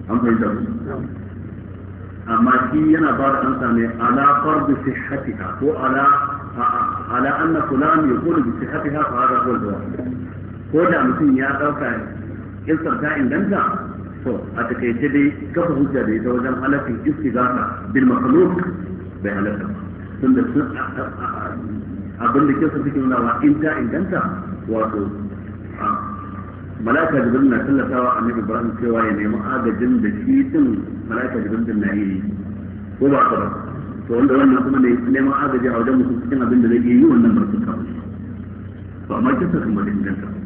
da an fahimta su amma shi yana ba da ansa ne ala fardu sihhatiha ko ala ala anna fulan yaqulu bi sihhatiha fa hada huwa da jawab ko da mutum ya ɗauka iskar ta inganta to a takaice dai kafa hujja da ita wajen halafin istigasa bil makhluk bai halatta tun da sun abin da kinsa suke nuna wa in ta inganta wato malaka jibril na tallatawa annabi ibrahim cewa ya nemi agajin da shi din malaka jibril din na yi ko ba ka ba to wanda wannan kuma ne neman agaji a wajen mutum cikin abin da zai yi wannan barkuta ba amma kinsa kuma inganta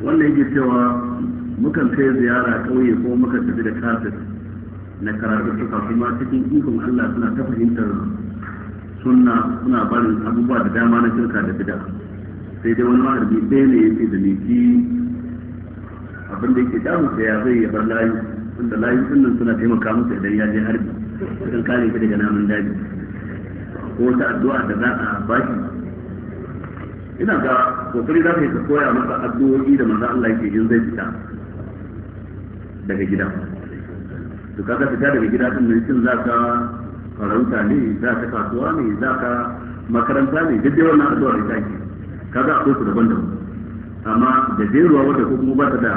wannan yake cewa mukan kai ziyara kauye ko muka tafi da kafin na karatu suka kuma cikin ikon Allah suna ta fahimtar sunna suna barin abubuwa da dama na shirka da bid'a sai dai wani ma'arbi ɗaya ne yake da miki abin da yake damu sai ya zai ya bar layu inda layu sunan suna taimaka musu idan ya je harbi sukan kare shi daga namun daji ko wata addu'a da za a bashi ina ga kokari za ka yi ka koya masa addu'o'i da manzo Allah yake yin zai fita daga gida to kaga fita daga gida din nan shin za ka farauta ne za ka kasuwa ne za ka makaranta ne duk dai wannan addu'a ita ke kaga akwai su daban-daban amma da jeruwa wanda ko kuma ba ta da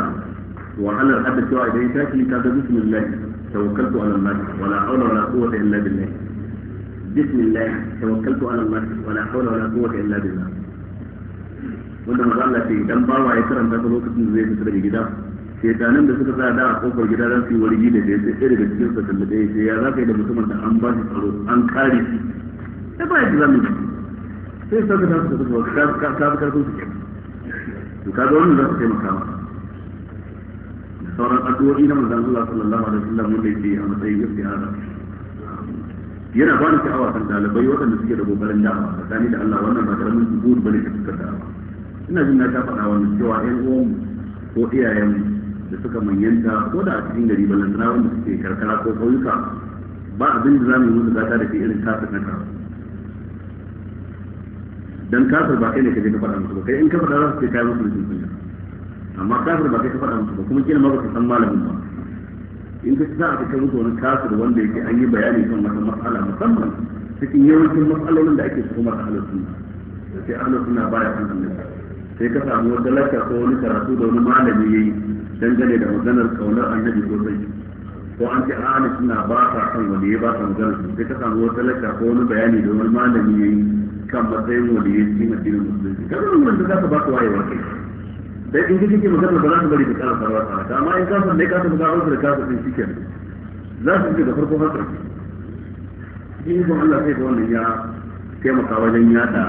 wahalar hada cewa idan ita ka ga bismillah tawakkaltu ala Allah wala hawla wala quwwata illa billah bismillah tawakkaltu ala Allah wala hawla wala quwwata illa billah wanda maza Allah ce idan bawa ya karanta ta lokacin da zai fita daga gida shekanun da suka sa da a kofar gida don su yi wargi da ya sai daga cikin sa da ya sai ya zaka yi da mutumin da an ba shi tsaro an kare shi sai ba ya ji zamu sai sa ka tafi da su ka ka ka ka su ke to ka ga wannan za su taimaka ma sauran addu'o'i na manzon Allah sallallahu alaihi wasallam wanda yake a matsayin istiaza yana ba ni sha'awa kan dalibai waɗanda suke da gobarin da'awa tsakani da Allah wannan ba karamin da bane ka fuskar ba. ina jin na ta faɗa wani cewa ɗan uwan ko iyayenmu da suka manyanta ko da a cikin gari ba lantana wanda suke karkara ko ƙauyuka ba abin da za mu yi musu gata da ke irin kasar na kawo dan kasar ba kai ne kaje ka faɗa musu ba kai in ka faɗa za su ce kai musu rikin kunya amma kasar ba kai ka faɗa musu ba kuma kila ma ba ka san malamin ba in ka za a fita musu wani kasar wanda yake an yi bayani kan wata matsala musamman cikin yawancin matsalolin da ake a halittun da sai halittun na baya kan annabi sai ka samu wata lakka ko wani karatu da wani malami yayi dangane da maganar kaunar annabi ko sai ko an ce ana suna ba sa kan wani ya ba sa maganar su sai ka samu wata lakka ko wani bayani da wani malami yayi kan matsayin wani ya ci na dinin musulunci kaga wannan da zaka ba ka wayewa kai sai in kike maganar ba za ka bari ka kara sarwa ta amma in ka san dai ka tafi ka da ka san shikenan za su ji da farko haka ƙarshe cikin Allah sai ga wannan ya taimaka wajen yada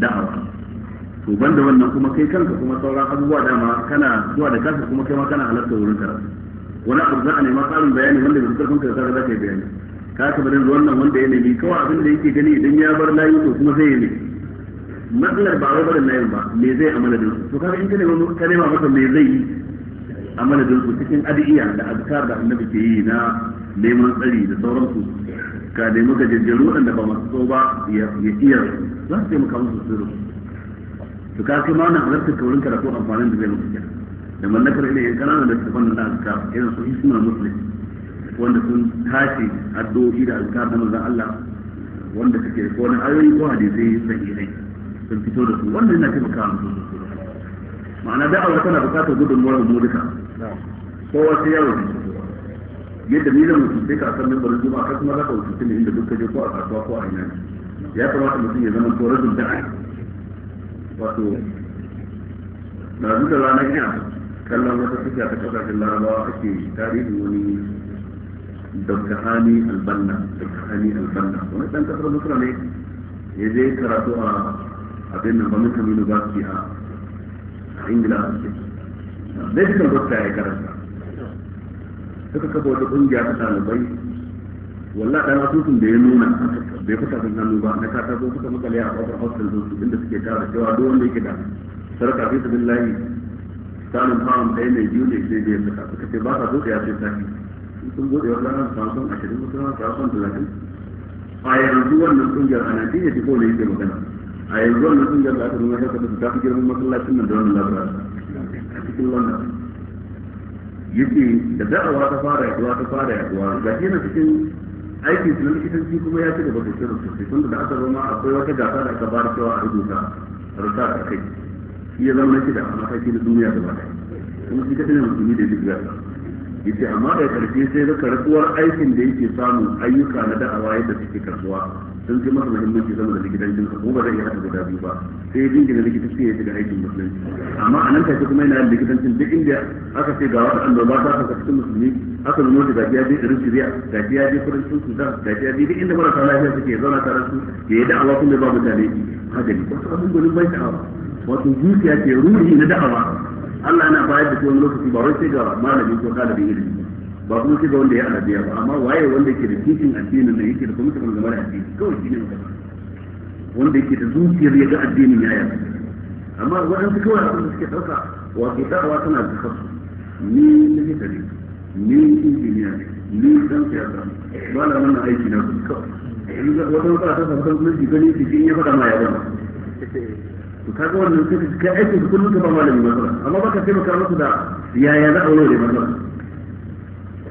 da'awa to da wannan kuma kai kanka kuma sauran abubuwa dama kana zuwa da kasa kuma kai ma kana halarta wurin karatu wani abu za a nema tsarin bayani wanda bai karfin ka za ka yi bayani ka ka bari wannan wanda ya nemi kawai abin da yake gani idan ya bar layi to kuma zai yi matsalar ba wai barin layin ba me zai amala da su to kaga in ka nema ka nema masa me zai yi amala da su cikin adiya da azkar da annabi ke yi na neman tsari da sauransu ka nemi ka jajjaru da ba masu so ba ya iya za su taimaka musu su to ka kai ma wannan taurin karatu amfanin da zai maka kenan da mallakar irin yan kanana da tafan da azkar irin su ismar muslim wanda sun tashi addu'o'i da azkar na manzon Allah wanda suke ko na ayoyi ko hadisi sahihai sun fito da su wannan yana kawo su ma'ana da da'awa tana bukatar gudunmuwar mu duka kowa sai ya rubuta yadda ni da mutum sai ka san lambar juma'a kuma za ka wuce inda duk ka je ko a kasuwa ko a ina ya kamata mutum ya zama tsoron da'a wato na zuwa ranar ina kallon wata tafiya ta kasashen larabawa ake tarihin wani dr hani albanna dr hani albanna wani dan kasar musra ne ya je karatu a abin nan gwamnatin university a ingila da dukkan dokta ya karanta suka kafa wata kungiya ta ɗalibai wallah ɗan asusun da ya nuna aka bai fita da nan ba na kata ko suka makale a kofar hostel din su inda suke tara cewa duk wanda yake da sarka fi sabin layi samun hawan ɗaya mai biyu ne sai biyar suka suka ce ba ka zo ya sai saki sun bude wata ranar samson ashirin wata ranar samson talatin a yanzu wannan kungiyar a najeriya ce ko ne yake magana a yanzu wannan kungiyar da aka nuna ta kasu ta fi girman masallacin nan da wannan labarin a cikin wannan yake da da'awa ta fara yaduwa ta fara yaduwa ga shi na cikin aikin su na likitanci kuma ya ci gaba da shirin sosai tunda da aka zama akwai wata gasa da aka bar cewa a rubuta a rubuta a kai shi ya zama shi da mataki na duniya da bada kuma shi kadai ne musulmi da ya gasa yace amma da karshe sai ga karbuwar aikin da yake samu ayyuka na da'awa yadda suke karbuwa sun fi masu muhimmanci sama da likitancin ko ba zai iya haɗa guda biyu ba sai jingina likitanci ya shiga aikin musulunci amma a nan kai kuma yana yin likitancin duk inda aka ce ga wata annoba ta aka cikin musulmi aka nuna shi gashi ya je irin shirya gashi ya je sun Sudan gashi ya je duk inda marasa lafiya suke zauna tare su ya yi da'awa kuma ba mutane hadari wasu abin gwanin ban sha'awa wato zuciya ke ruhi na da'awa Allah yana bayar da tuwon lokaci ba wai sai ga malami ko ɗalibin ilimi ba kuma sai ga wanda ya arabiya ba amma waye wanda yake da cikin addinin nan yake da kuma tsaron game da addini kawai shi ne wanda yake da zuciyar ya ga addinin ya yi amma waɗansu kawai abin da suke ɗauka wato da'awa tana da kasu ni likita ne ni injiniya ne ni dan siyasa ba na nan aiki na su kawai wata matsala ta samu kuma shi gani shi in ya faɗa ma ya zama to kaga wannan sai ka aiki kullum ka ba malami matsala amma ba ka taimaka musu da yaya za a wani matsala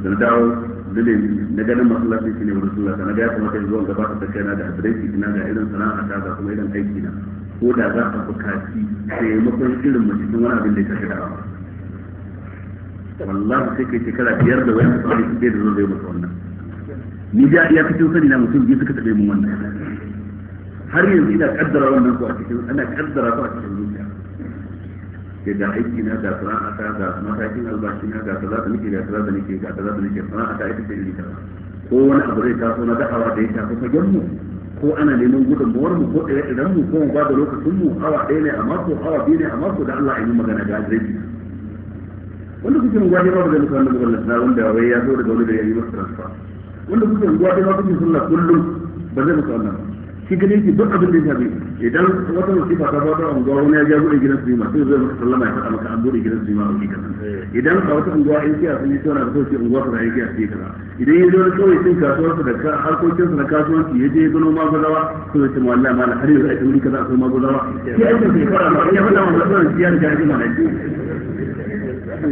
to da dawo dole na ganin masallaci shine wurin sallah na ga ya kamata in zo in gabatar da kaina da adireshi ina ga irin sana'a ta ga kuma irin aiki na ko da za a bukaci taimakon irin mu cikin wani abin da ya kashe da'awa wallahi sai kai shekara biyar da wayan su ne da zo zai masa wannan ni da iya cikin sani na mutum biyu suka tabe mun wannan har yanzu ina kaddara wannan su a cikin ana kaddara ko a cikin zuciya ke ga aiki na ga sana'ata ga matakin albashi na ga kaza da nake ga kaza da nake ga kaza da nake sana'ata ita ce iri kaza ko wani abu zai taso na da'awa da ya shafi fagen mu ko ana neman gudunmuwar mu ko ɗaya idan mu ko mu ba da lokacin mu awa ɗaya ne a mako awa biyu ne a mako da Allah ya yi magana ga ajiye wanda kuke unguwa dai babu da muka wanda muka lantana wanda wai ya zo daga wani da ya yi masa transfer wanda kuke unguwa dai babu kuke sallah kullum ba zai muka wannan ba Ki gane ki duk abin da ya shafi idan wata musifa ta fata unguwa wani ya ja bude gidan su ma sai zai maka sallama ya faɗa maka an bude gidan su ma a wuri eh. idan a wata unguwa in kiya sun yi tona da sauki unguwa kaza ya kiya sai kaza idan ya zo da kawai cin kasuwarsa da harkokinsa na kasuwanci ya je ya gano magudawa to ya ce ma mala har yanzu a ita wuri kaza akwai magudawa ya yi da ya ma ya faɗa ma magudawa ya riga ya gama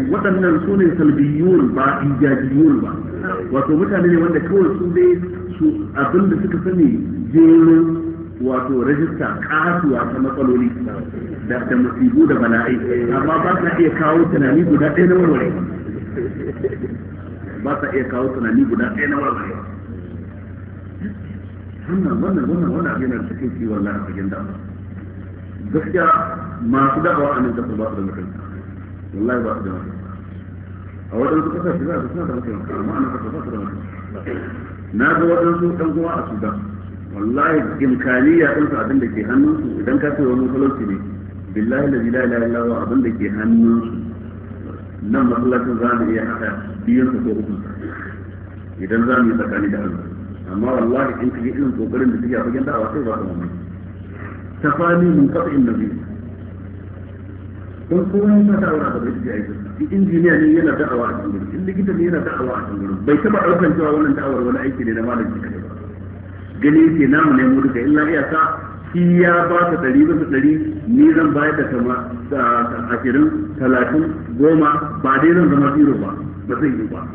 waɗannan su ne salbiyun ba ijajiyun ba wato mutane ne wanda kawai su dai su abin da suka sani jerin wato rajista kasuwa ta matsaloli da da musibu da bala'i amma ba ta iya kawo tunani guda ɗaya na warware ba ta iya kawo tunani guda ɗaya na warware wannan wannan wannan wannan abin da cikin shi wannan a cikin da gaskiya masu da'awa a nan da ba su da mutunta wallahi ba su da mutunta a wajen su kasashe za su suna da mutunta amma a nan ba su da mutunta na ga waɗansu ɗan kuma a sudan wallahi imkaniya ɗin su abin da ke hannunsu idan ka sai wani talauci ne billahi la ilaha illa allah abin da ke hannunsu nan masallacin za mu iya haɗa biyan su ko uku idan za mu yi tsakani da allah amma wallahi in kaje irin kokarin da suke a fagen da'awa sai ba ka mamaki tafani mun kafa innabi don kowa ya sa wani abu da yake yi in injiniya ne yana da'awa a cikin in likita ne yana da'awa a cikin bai taba ɗaukar cewa wannan da'awar wani aiki ne na malami kaɗai ba gani yake namu ne mu duka in illa sa shi ya ba ta ɗari ba bisa ɗari ni zan bayar da kama ashirin talatin goma ba dai zan zama zero ba ba zai yi ba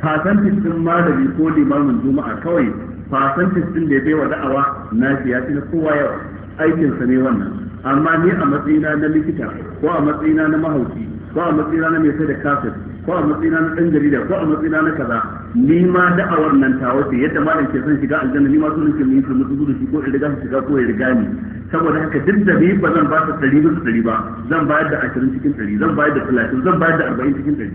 Fasan ɗin malami ko limamin juma'a kawai fasan ɗin da ya bai wa da'awa na shi ya fi kowa yawa aikinsa ne wannan amma ni a matsayina na likita ko a matsayina na mahauci ko a matsayina na mai sai da kafin ko a matsayina na ɗan jarida ko a matsayina na kaza ni ma da'awar nan ta wace yadda malam ke son shiga aljanna ni ma so nake mu yi mutu gudu shi ko in riga su shiga ko ya riga ni saboda haka duk da bi ba zan ba ta ɗari bisa ɗari ba zan bayar da ashirin cikin ɗari zan bayar da talatin zan bayar da arba'in cikin ɗari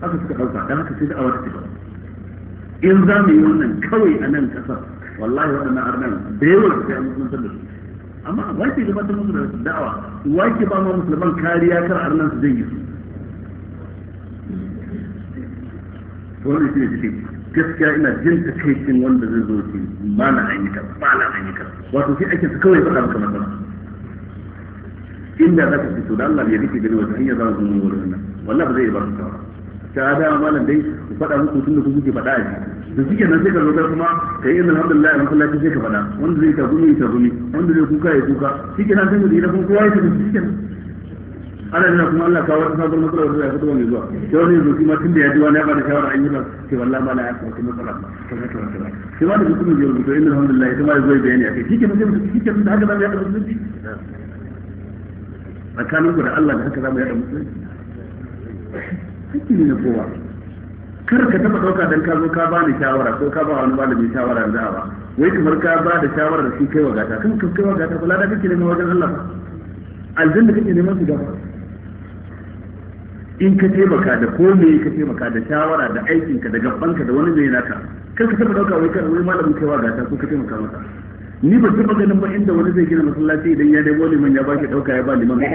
haka suka ɗauka don haka sai da'awar ta in za mu yi wannan kawai a nan ƙasar wallahi waɗannan arnan da yawa sai an mutuntar da su amma wa ke gabatar musu da da'awa wa ke ba ma musulman kariya kar arnan su zai yi su wannan shi ne cikin gaskiya ina jin takaicin wanda zai zo ce ba na ayyuka ba na ayyuka wato shi ake su kawai faɗa maka kama inda za ka fito da Allah ya rike gani wata hanyar za su nuna wurin nan wallahi ba zai yi ba su kawai ta da malam dai ku faɗa muku tun da kuke faɗa ne da suke nan sai ka zo kuma ka yi inna alhamdulillah masallaci sai ka faɗa wanda zai ta gumi ta gumi wanda zai kuka ya kuka shike nan sai mu dira kowa ya tafi shike nan ana nuna kuma Allah kawo wata sabon matsala wata ya fito wani zuwa wani yanzu kuma tun da ya ji wani ya bada shawara an yi ba sai wallahi ma la ya kawo matsala sai ma da kuma ya rubuta inna alhamdulillah ita ma zai bayani akai shike nan sai mu shike nan haka zamu yaɗa musulunci tsakaninku da Allah da haka zamu yaɗa hakki ne na kowa kar ka taba dauka dan ka zo ka ba ni shawara ko ka ba wani malami shawara da ba wai kamar ka ba da shawara da shi kai wa gata kan ka kai wa gata kula da kake neman wajen Allah aljanna kake neman su gaba in ka taimaka da ko me ka taimaka da shawara da aikinka da ka da wani mai naka kar ka taba dauka wai kar wai malamin kai wa gata ko ka taimaka masa ni ba taba ganin ba inda wani zai gina masallaci idan ya dai wani man ya baki dauka ya ba liman ba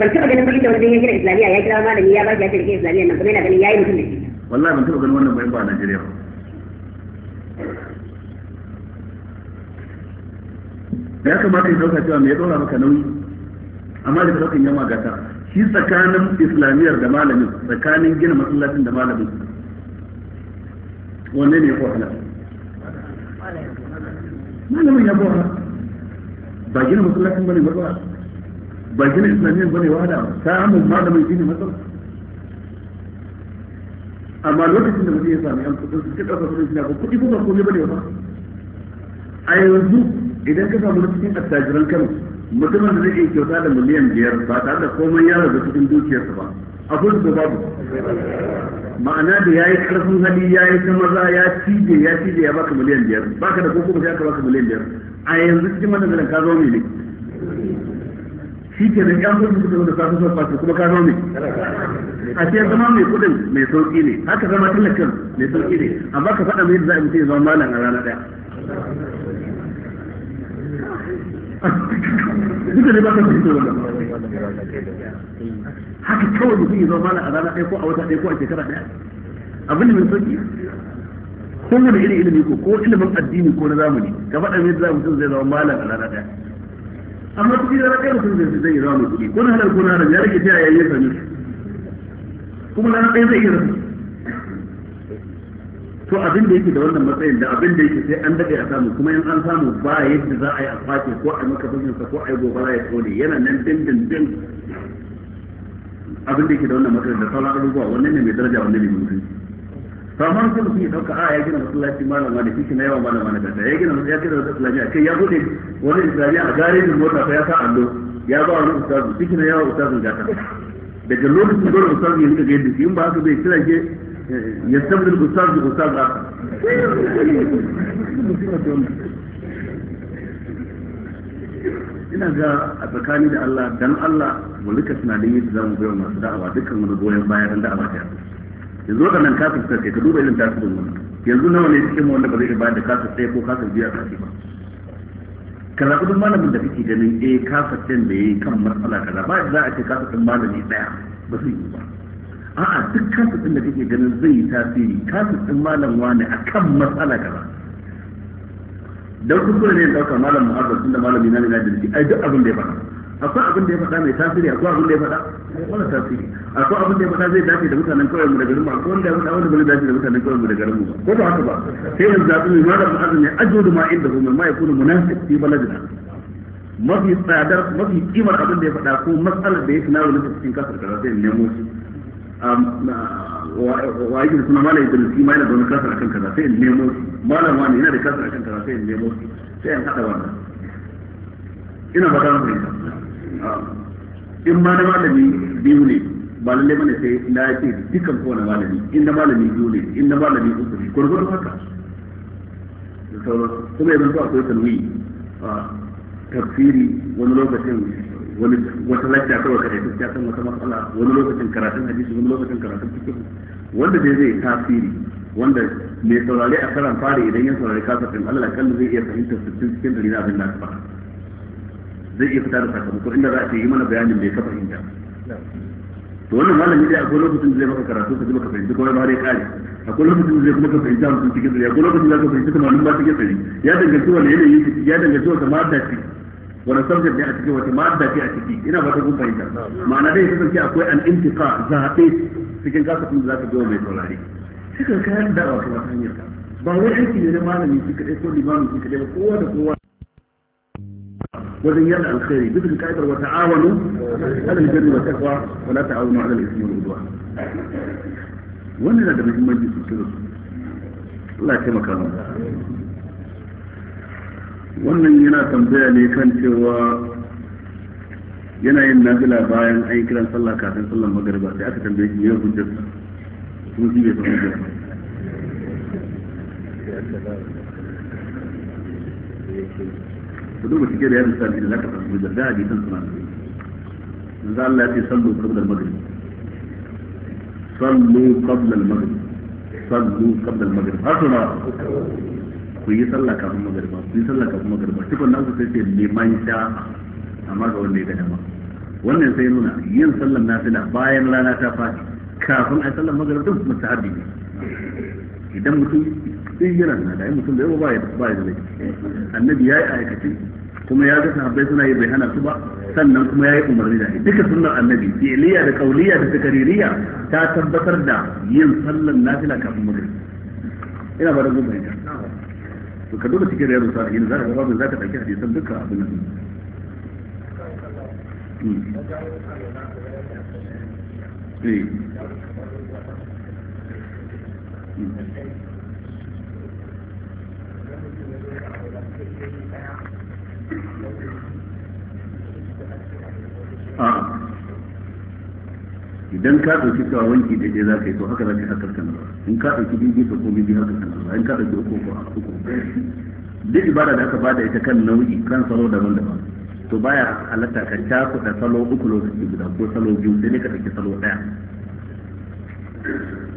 ban taba ganin ba inda wani zai gina islamiyya ya kira malami ya baki ya ce islamiyya nan kuma yana ganin yayi mutum da wallahi ban taba ganin wannan ba in ba a Najeriya ba ya kamata ya dauka cewa me ya dora maka nauyi amma da daukan yamma gata shi tsakanin islamiyar da malamin tsakanin gina masallacin da malamin wanne ne ya ko halal malamin ya bawa ba gina masallacin bane ba ba gina islamiyyar bane wahala ba samun malamin gini matsala amma lokacin da mutum ya sami yan kudin su kika sa kudin suna ba kudi ba komai bane ba a yanzu idan ka samu cikin attajiran Kano mutumin da zai iya kyauta da miliyan biyar ba tare da komai ya rabu cikin dukiyarsa ba abin da babu ma'ana da ya yi karfin hali ya yi ta maza ya cije ya cije ya baka miliyan biyar baka da koko sai aka baka miliyan biyar a yanzu cikin wannan ka zo ne shi ke nan yan kudin da kafin son fasu kuma ka zo ne a ce zama mai kudin mai sauki ne haka zama talakan mai sauki ne amma ka faɗa mai da za a mutu ya zama malam a rana ɗaya duka ne ba ka fahimta wannan haka kawai mutum ya zama a rana ɗaya ko a wata ɗaya ko a shekara ɗaya abin da mai sauki ko wani irin ilimi ko ko ilimin addini ko na zamani ka faɗa mai za mutum zai zama malam a rana ɗaya amma kuɗi da rana mutum zai zai zama mai kuɗi ko na halar ko na halar ya rage ta yaya ya sami kuma rana ɗaya zai iya rasa to abin da yake da wannan matsayin da abin da yake sai an dade a samu kuma in an samu ba yadda za a yi a kwace ko a maka fashin sa ko a yi gobara ya tsone yana nan dindin din abin da yake da wannan matsayin da sauran abubuwa wannan ne mai daraja wannan ne mutum mutunci to amma sai mutum ya dauka a ya gina masallaci malama da kishi na yawa malama na gata ya gina masallaci da wata islamiyya kai ya bude wani islamiyya a garejin mota ya sa allo ya ba wani ustazu kishi na yawa ustazun gata daga lokacin dole ustazu ya rika gaida shi in ba haka bai kira ke يستبدل أستاذ بأستاذ آخر ina ga a tsakani da Allah dan Allah mu rika tunanin yadda za mu bayar masu da'awa dukkan wani goyon baya dan da'awa ta yanzu da nan kasar ta ka duba irin tasirin wani yanzu nawa ne cikin wanda ba zai iya bayar da kasa sai ko kasa biya a ba ka zaɓi duk malamin da kake ganin eh kasa ɗin da ya yi kan matsala kaza ba za a ce kasar ɗin malami ɗaya ba su yi ba a'a duk kasu din da kake ganin zai yi tasiri kasu din malam wani a kan matsala gaba dan kuskure ne dauka malam mu'azzam tunda da malami na ne nuna dinki ai duk abin da ya faɗa akwai abin da ya faɗa mai tasiri akwai abin da ya faɗa wala tasiri akwai abin da ya faɗa zai dace da mutanen kawai mu da garin mu akwai wanda ya faɗa wanda bai dace da mutanen kawai mu da garin mu ko ba haka ba sai yanzu zaɓi mai malam mu'azzam ne ajodu ma inda zo mai ma ya kuna fi baladina mafi tsadar mafi kimar abin da ya faɗa ko matsalar da ya tunawa na cikin kasar karatu ne nemo Um, wa yake suna ma idris shi ma yana da wani kasar akan kaza sai in nemo malam wani yana da kasar akan kaza sai in nemo sai in hada wannan ina ba ta fahimta um, in ma na malami biyu ne ba lalle bane sai na yake dukkan kowane malami in malami biyu ne in malami uku ne gurgurdu haka kuma yanzu akwai talwi uh, tafsiri wani lokacin wani wata lacca kawai ka tafi ya san wata matsala wani lokacin karatun hadisi wani lokacin karatun fiqh wanda dai zai tasiri wanda mai saurare a karan fari idan ya saurari kasafin Allah kan zai iya fahimtar sittin cikin dari na abin da aka zai iya fita da sakamako inda za a ce yi mana bayanin da ya ka fahimta to wannan malami dai akwai lokacin da zai maka karatu ka ji maka fahimci kuma ba dai kare akwai lokacin da zai kuma ka fahimci hamsin cikin dari akwai lokacin da ka fahimci tamanin ba cikin dari ya danganci wani yanayi ya danganci wata mata ce wani subject ne a ciki wata ma'adda ce a ciki ina ba ta kun fahimta ma'ana dai ya zance akwai an intiqa zaɓe cikin kasafin da za ka zo mai saurari cikin kayan da'awa kuma ta hanyar ba wai aiki ne na malami shi kaɗai ko limamin shi kaɗai ba kowa da kowa wajen yadda alkhairi duk da ka'idar wa ta'awanu alal birri wa taqwa wa la ta'awanu alal ismi wal udwan wannan da muhimmanci sosai su Allah ya taimaka mu wannan yana tambaya ne kan cewa yana yin nafila bayan an yi kiran sallah kafin sallar magariba sai aka tambaye shi yin hujjar kuma shi bai san hujjar ku duba cike da yadda sami da zaka san hujjar da hadisan suna da yanzu Allah ya ce sallu qabla al-maghrib sallu qabla al-maghrib sallu qabla al-maghrib har suna ku yi sallah kafin magariba ku yi sallah kafin magariba cikin nan sai ce liman sha amma ga wanda ya gada dama wannan sai nuna yin na nafila bayan rana ta faɗi kafin a sallah magariba duk mustahabi ne idan mutum sai yana na da mutum da yawa ba ya ba ya laifi annabi yayi aikace kuma ya ga sahabbai suna yi bai hana su ba sannan kuma yayi umarni da duka sunnar annabi fi'liya da qauliya da takririya ta tabbatar da yin na nafila kafin magariba ina ba da gumbin to ka dole cikin riyadu salihin za ka ga babu za ka ɗauki hadisan dukkan abin nan hmm. Eh. Hmm. Ah. idan ka ɗauki cewa wanki da za ka yi to haka za ka yi kan in ka ɗauki bibi to ko bibi haka kan in ka ɗauki uku ko uku duk ibada da aka bada ita kan nau'i kan salo daban-daban to baya halatta ka da salo uku lokaci guda ko salo biyu sai ne ka ɗauki salo ɗaya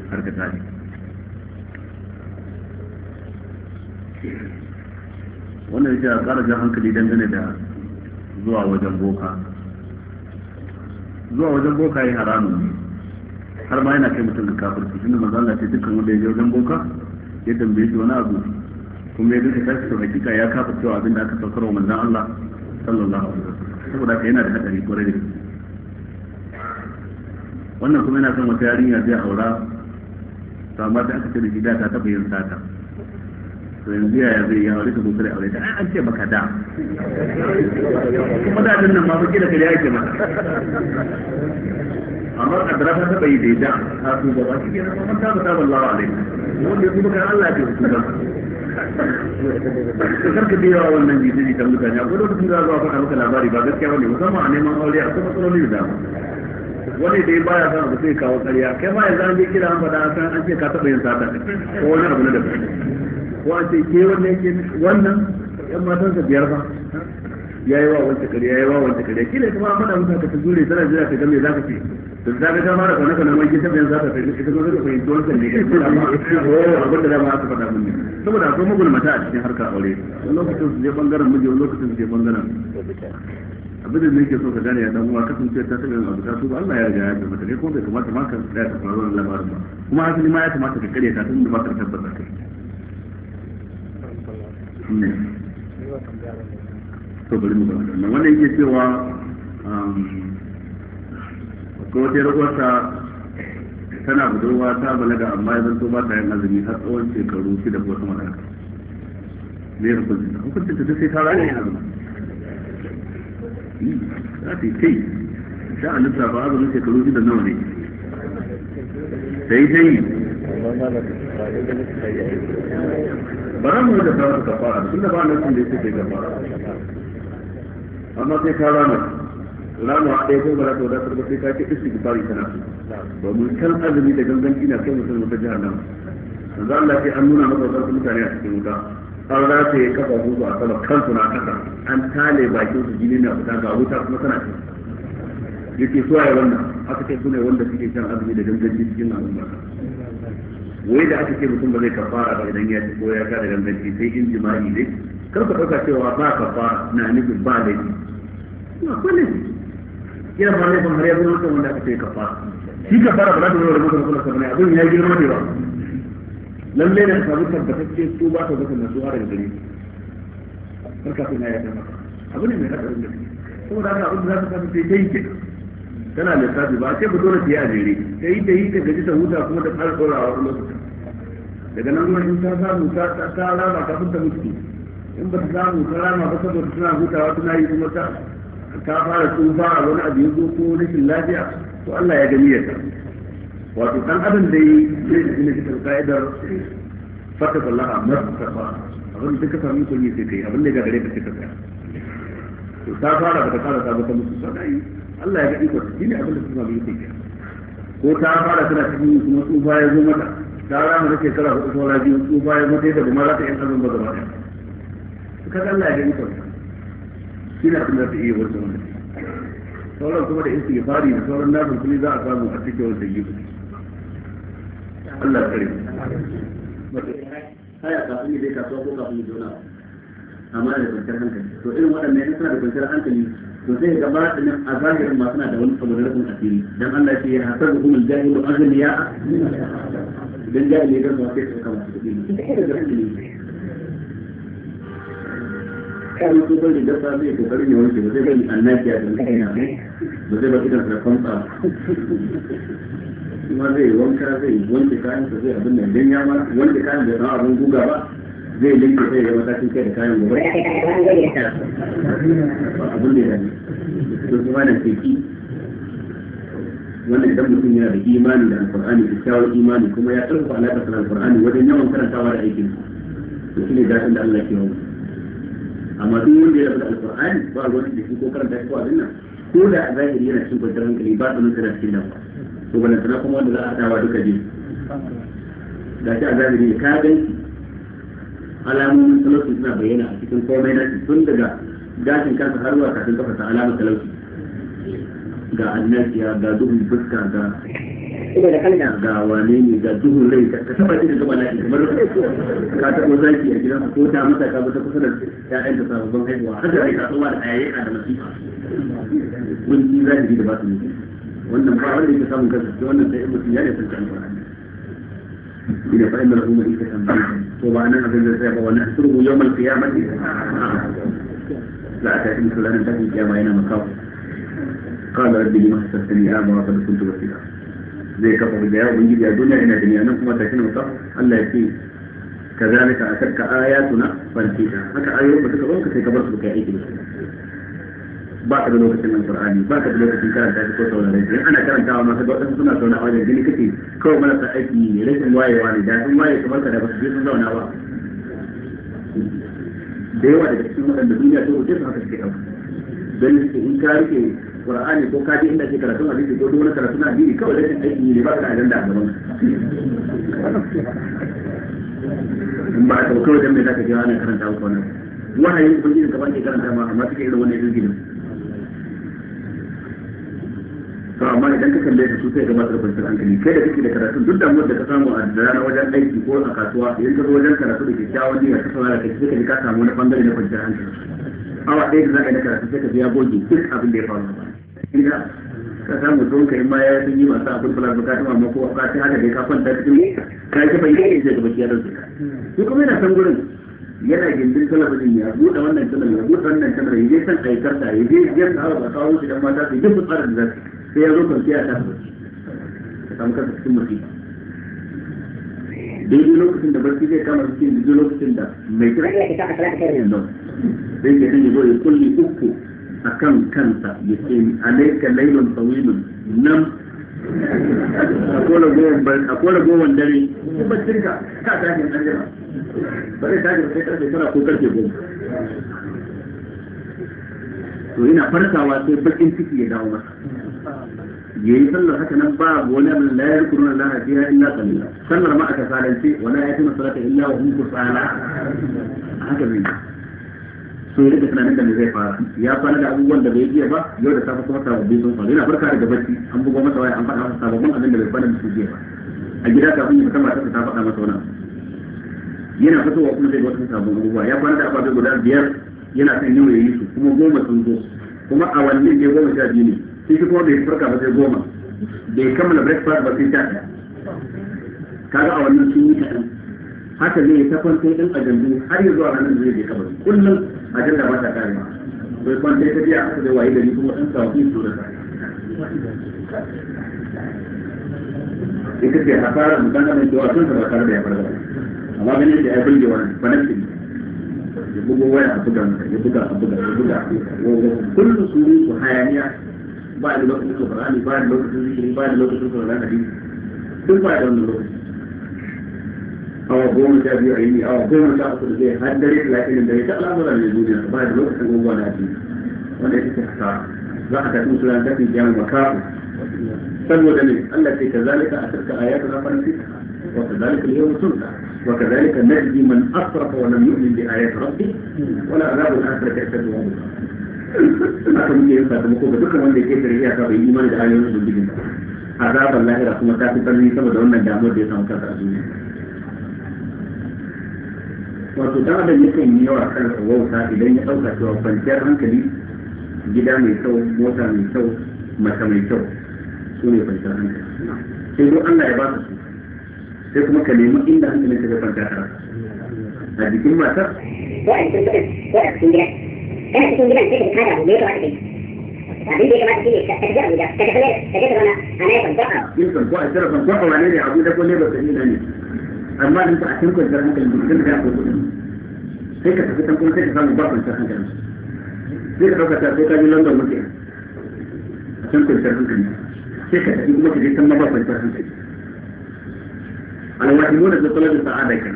har ka tsari wannan ya ce a ƙara jan hankali dangane da zuwa wajen boka zuwa wajen boka yi haramun har ma yana kai mutum da kafirci tunda manzo Allah ce dukkan wanda ya je wajen boka ya tambaye shi wani abu kuma ya duka tashi to hakika ya kafa cewa abin da aka saukar wa mazan Allah sallallahu alaihi wasallam saboda haka yana da hadari kwarai da wannan kuma yana son wata yarinya zai aura to amma sai aka ce da shi da ta taɓa yin sata Aya yanzu zai yi ka zo aure ta an ce da kuma da nan ma da kare amma kadara ta taba yi ta su gaba ta ta wallahi alai yi kuma da karka biya wannan jiji da mutane akwai lokacin da za a faɗa maka labari ba gaskiya bane musamman a neman aure a kuma matsaloli da wani da ya baya san abu sai kawo ƙarya kai ma yanzu an je kira an faɗa san an ce ka taɓa yin sata ko wani abu na da ko an ce ke wannan ke wannan yan matan sa biyar ba ya yi wa wancan ƙarya ya yi wa wancan ƙarya kila kuma an faɗa musu ka ta jure tana jira ta ga me za ka ce to ta ga mara kwana kana mai gidan taɓa za ta fahimci ita zo da fahimci wancan ne amma ko abin da dama aka faɗa mun ne saboda akwai mata a cikin harkar aure lokacin su je bangaren miji lokacin su je bangaren abin da yake so ka gane ya dan uwa kasance ta taɓa abu ta tuba Allah ya riga ya tabbata ne kuma bai kamata ma ka tsaya ta faru wannan labarin ba kuma asali ma ya kamata ka kare ta tun da ba ka tabbata kai hmm. to bari mu ga wannan wannan yake cewa um, ko wata yarwarta tana budurwa ta balaga amma ya to ba ta yin azumi har tsawon shekaru shida ko sama da haka ne ya hukunci ta hukunci ta sai ta rayu azumi za su yi kai sha a lissafa azumin shekaru shida nawa ne sai dai bara mu da fara kafara tun da ba nan sun da yake kai kafara amma sai ka rana rana a ɗaya kuma ba za ta wadatar ba sai ka ce isi gifari tana domin kan azumi da gangan ina kai mutum wata jihar nan za Allah ce an nuna maka wasu mutane a cikin wuta saura su yi kafa su a sama kansu na kasa an tale bakin su jini na fita ga wuta kuma tana ci yake suwa ya wannan aka ce su ne wanda suke shan azumi da danganci cikin al'umma wai da aka ce mutum ba zai kafara ba idan ya ci ko ya kada danganci sai in jima'i ne kar ka ɗauka cewa ba kafara na nufin ba laifi ba ko laifi yana ba laifin har ya zama wanda aka ce kafara shi kafara ba za ta zo da mutum kula sabana abin ya yi girma ne ba lalle ne ka rubuta da kake su ba ka zaka nasu har da gari karka kun ya yarda maka abu ne mai hadarin da saboda haka abin da za ka samu sai dai ke kana lissafi ba sai ba dole sai a jere sai dai ka gaji ta huta kuma da ƙara tsorawa wani lokaci daga nan kuma in ta samu ta ta rama ta fitta mutu in ba ta samu ta rama ba saboda suna hutawa suna yi kuma ta ta fara tsufa a wani abu ya zo ko rashin lafiya to Allah ya gani ya samu wato dan adam da yi zai tafi na cikin ka'idar fata sallaha masu karba abin da ka samu kun yi sai kai abin da ga gare ka sai kai tsaya to ta fara daga fara ta bata musu sadai Allah ya ga iko shi ne abin da suka yi sai ko ta fara tana cikin kuma tsufa ya zo mata ta ra mu da kara hudu saura biyu tsufa ya zo ta da kuma za ta yi abin ba gaba ɗaya kaga Allah ya ga iko shi ne abin da ta iya wajen wannan sauran kuma da fari da sauran nasu kuma za a samu a cikin wannan yi Allah ya kare haya kafin ya je kasuwa ko kafin ya zauna amma da kwanciyar hankali to irin waɗannan yana suna da kwanciyar hankali to sai ga ba da a zahirin ma suna da wani saboda rufin asiri dan Allah ya ce ya hasabu kumul jahilu aghniya dan jahili ya gaza sai su kama su kudi kan su bari da sa zai kokari ne wanke ba zai bari annabiya da mutane ba zai bari idan da kwamfa shi ma zai wanka zai wanke kayan sa zai abin nan dan ya ma wanke kayan bai san abin guga ba zai linke sai ya mata kai da kayan gobe abin da ya ne to kuma da teki wannan idan mutum yana da imani da da kyakkyawar imani kuma ya tsarkafa alaƙar da alqur'ani wajen yawan karantawa da aikin to ne gashin da Allah ke yawa amma duk wanda ya rabu da alqur'ani ba ruwan da shi ko karanta shi ko abin nan ko da a zahiri yana cin kwanciyar hankali ba tsanin sa da cikin damuwa to balantana kuma wanda za a haɗawa duka biyu da shi a zahiri ka ganci alamomin talauci suna bayyana a cikin komai na tun daga gashin kansa har zuwa kafin kafasa ta alamar talauci ga annasiya ga duhun fuska ga ga wane ne ga duhun rai ka taba shi da gaba lafi kamar ka tabo zaki a gidansa ko ta masa ka ta kusa da ƴaƴan ta sababbin haihuwa har da rai ka tsowa da ayaye da masifa kun ji zaki da ba su ne wannan ba wanda yake samun kansa sai wannan sai mutum ya ne san kan Qur'ani ina fa inna lahu in kasan to ba nan abin da sai ba wannan asru yawm al-qiyamah la ta in kullanan ta kiyama yana makafu قال ربي لما حسستني أعمى وقد كنت بصيرا زي كفر الجاية وبنجي الدنيا إلى دنيا أنا كما تكين وصف الله يكفي كذلك أتتك آياتنا فانسيتها هكا آيات بتكبرك تكبرت بك aiki بسم su. ba ka da lokacin alqur'ani ba ka da lokacin karanta shi ko saurare shi ana karantawa ma kaga wadansu suna zauna a wajen gini kake kawai marasa aiki ne rashin wayewa ne da sun waye kamar ka da ba su je sun zauna ba da yawa daga cikin waɗanda duniya ta wuce su haka suke ɗauka don suke in ka rike qur'ani ko ka je inda ke karatun hadisi ko duk wani karatun hadisi kawai rashin aiki ne ba ka da ajanda a gaban in ba a sauka wajen mai zaka je ana karanta maka wannan wahayin ubangiji gaban ke karanta ma amma suke irin wannan jirgin to amma idan ka kalle su sai ka ba da kwanciyar hankali kai da kake da karatu duk damuwar da ka samu a rana wajen aiki ko a kasuwa idan ka zo wajen karatu da kyakkyawan niyya ka fara kai sai ka ka samu wani bangare na kwantar hankali awa ɗaya da za ka yi na karatu sai ka biya ya goge duk abin da ya faru ina ka samu don kai ma ya sun yi masu abin kula da bukatu amma ko ka ta haka dai ka kwanta cikin ka yi kafin kai ne sai ka baki ya su ka shi kuma yana san gurin yana gindin talabijin ya buɗe wannan talabijin ya buɗe wannan talabijin ya je san aikarta ya je yadda aka kawo shi dan mata su yi duk tsarin da za su sai ya zo kwanciya ta barci ka samu kanka cikin musiba daidai lokacin da barci zai kama cikin daidai lokacin da mai kira ya kita a kala kai yanzu sai ya sanya zo ya kulli uku a kan kansa ya ce alaika lailun tawilun nan a kola gowan dare kuma cirka ka tashi an jira ba zai tashi ba sai karfe tara ko karfe goma to yana farkawa sai bakin ciki ya dawo masa yi sallar haka nan ba wani abin la na Allah fiha illa kalila sallar ma aka salance ya fi salata illa wa hum a haka ne so ya rika tunanin da me zai fara ya fara da abubuwan da bai iya ba yau da safe kuma sababbi sun faru yana farka daga barci an bugo masa waya an faɗa masa sababbin abin da bai fara da su jiya ba a gida kafin ya fita matarsa ta faɗa masa wani yana fitowa kuma zai ga wasu sabon abubuwa ya fara da ababe guda biyar yana kan yau ya yi su kuma goma sun zo kuma a wanne ne goma sha biyu ne sai shi kuma bai farka ba sai goma bai kammala breakfast ba sai sha ɗaya kaga a wannan sun yi kaɗan haka ne ta kwanta ɗin a jambu har yanzu a ranar zai je kabari kullum a jirga ba ta kare bai kwanta ta biya aka zai waye gari kuma ɗan su da kare ita ce hasarar mutane mai da wasan da ba tare da ya farga amma ganin da ya bulge wani ya waya a buga maka ya buga a buga ya buga kullum su yi su hayaniya ba da lokacin su ba da lokacin zikiri ba da lokacin su hadisi duk ba da wannan lokaci awa goma sha biyu a yini awa goma sha uku da zai har da talatin da dare ta al'amura ne duniya ba da lokacin abubuwa da ake wanda ita hasara za a tafi musulun tafi jami'a makafu saboda ne Allah ce ka zalika a sarka ayatu na farin ذلك اللي هو سنة وكذلك نجدي من أصرف ولم يؤمن بآيات ربه ولا أذاب الآخرة كأسد وعبد الله أتمنى أن أصدقوا مقوبة دكما عندي كيف رجاء صاحب إيمان إذا آيات ربي جدا أذاب الله رحمة تاتي تنمي سبب دون نجامة ديسا مكتا أزمي Wato dan adam ya kan yi yawa kan wauta idan ya ɗauka cewa kwanciyar hankali gida mai kyau, mota mai kyau, mace mai kyau su ne kwanciyar hankali. Sai duk Allah ya ba su sai kuma ka nemi inda hankalin ka zai kwanta a a jikin matar ko a cikin gidan ko a cikin gidan kana cikin gidan sai ka kada abu me ya kamata kai abin da ya kamata shine ka tafi Abuja ka tafi Lagos ka tafi Rana a na yakan ba'a yin kan ko a tsara kan ko a wane ne Abuja ko Lagos da ina ne amma din fa a cikin kwanciyar hankalin ka tun da ka kuɗi sai ka tafi kan kuma sai ka samu ba kwanciyar hankalin sai ka ɗauka ta sai ka je London mutum a cikin kwanciyar hankali sai ka tafi kuma ka je kan ma ba kwanciyar hankali alwajimun da talab sa'ada kan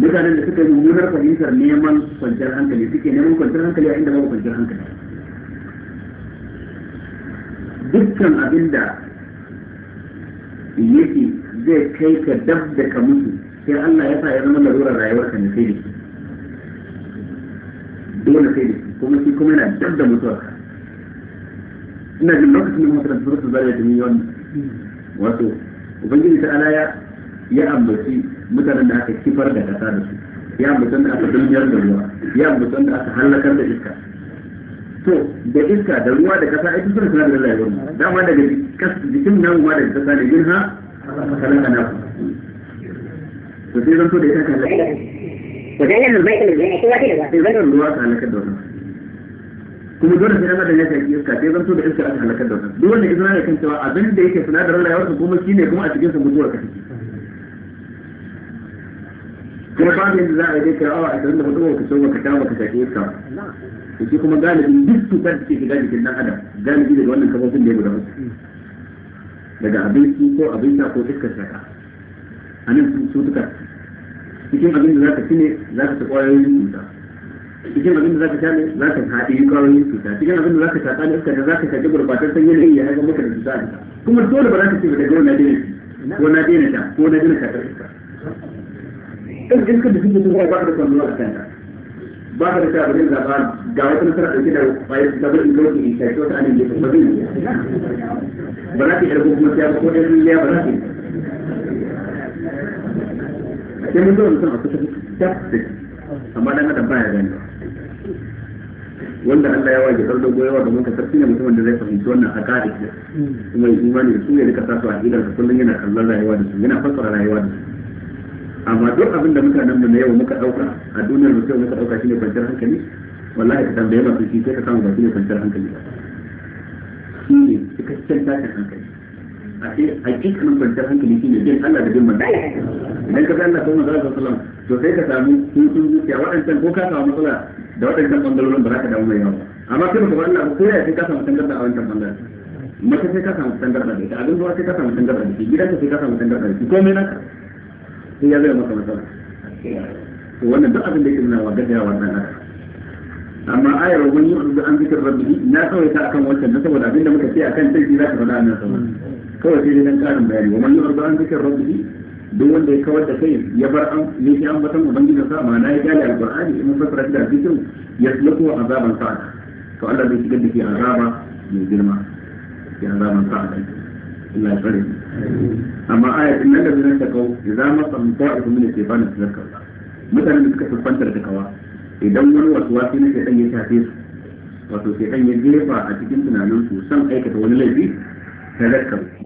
mutanen da suka yi mummunar fahimtar neman kwanciyar hankali suke neman kwanciyar hankali a inda babu kwanciyar hankali dukkan abinda yake zai kai ka dab da ka mutu sai Allah ya sa ya zama larurar rayuwar ka ne sai da dole sai kuma shi kuma yana dab da mutuwar ka ina jin lokacin da mutum da surat zariya da wato ubangiji ta ala ya ambaci mutanen da aka kifar da kasa da su ya ambaci da aka dulmiyar da ruwa ya ambaci da aka halakar da iska to da iska da ruwa da kasa ai da suna da rayuwar mu dama daga jikin nan ruwa da kasa da girha halaka na to sai zan to da ita ka halaka wajen nan bai ilimi ne kowa ke da ruwa zan ruwa ka halakar da wannan kuma dole sai da ya shaƙi iska sai zanto da iska aka halakar da wannan duk wanda izina ne kan cewa abin da yake sinadarin rayuwarsa kuma shine kuma a cikin sa mutuwar ka take kuma ba da za a yi kai awa ashirin da hudu ka so baka ta baka shaƙe iska to shi kuma galibi duk cutar da ke shiga jikin dan adam galibi daga wannan kafofin da ya guda musu daga abinci ko abin sha ko iskar shaka a nan cutuka cikin abin da za ka ci ne za ka ci ƙwayoyin cuta cikin abin da ka sha ne za ka haɗi kwayoyin cuta cikin abin da zaka shaƙa ne iska da zaka shaƙi gurbatar san yanayi ya haifar maka da cuta kuma dole ba za ka ce ba daga dole na daina ko na daina sha ko na daina shaƙar iska kan iskar da suke tunai ba ka da kwanuwa a kanta ba ka da ta abin da ba ga wata nasara ɗauke da bayan sabar ingoji in shaƙi wata anin gefe ba zai yi ba za ka yi ɗarko kuma siya ko ɗan zuliya ba za ka yi a sai mun zo mutum a kusa ta amma dan adam baya gani wanda Allah ya waje kar dogo yawa domin sarki ne mutumin da zai fahimci wannan a kare kuma ya imani da su ya rika sa su a gidan kullum yana kallon rayuwa da su yana fassara rayuwa da su amma duk abin da muka mu na yau muka dauka a duniyar mu sai muka dauka shine kwanciyar hankali wallahi ka tambaye masu shi sai ka samu ba shine kwanciyar hankali ba shine cikakken tashin hankali a ce hakikanin kwanciyar hankali shine bin Allah da bin manzo idan ka san Allah ko manzo sallallahu alaihi wasallam to sai ka samu hutu zuciya waɗancan ko ka samu matsala da waɗancan bangarorin ba za ka damu mai yawa amma kai baka Allah ko ya sai ka samu tangarda a wancan bangaren mace sai ka samu tangarda da ita abin ruwa sai ka samu tangarda da shi gidanka sai ka samu tangarda da shi komai naka sai ya zai maka matsala to wannan duk abin da yake nuna wa gaddaya wannan haka amma ayar wani yau da an zikir rabbi na kawai ta akan wancan na saboda abin da muka ce akan sai za ka faɗa nan sama kawai sai dai nan bayani wa man yau da an zikir rabbi duk wanda ya kawar da kai ya bar an ne shi an batan ubangiji sa ma'ana ya gane alqur'ani in fasara da zikirin ya tsulku azaban sa'a to Allah zai shigar da ke azaba mai girma ke azaban sa'a Allah ya tsare amma ayatin nan da zan ta kau da za mu samu ta'ifu min shaytan tazakka mutanen da suka tuffanta da kawa idan wani wasu wasu ne ɗan ya shafe su wato ɗan ya jefa a cikin tunanin su san aikata wani laifi tazakkar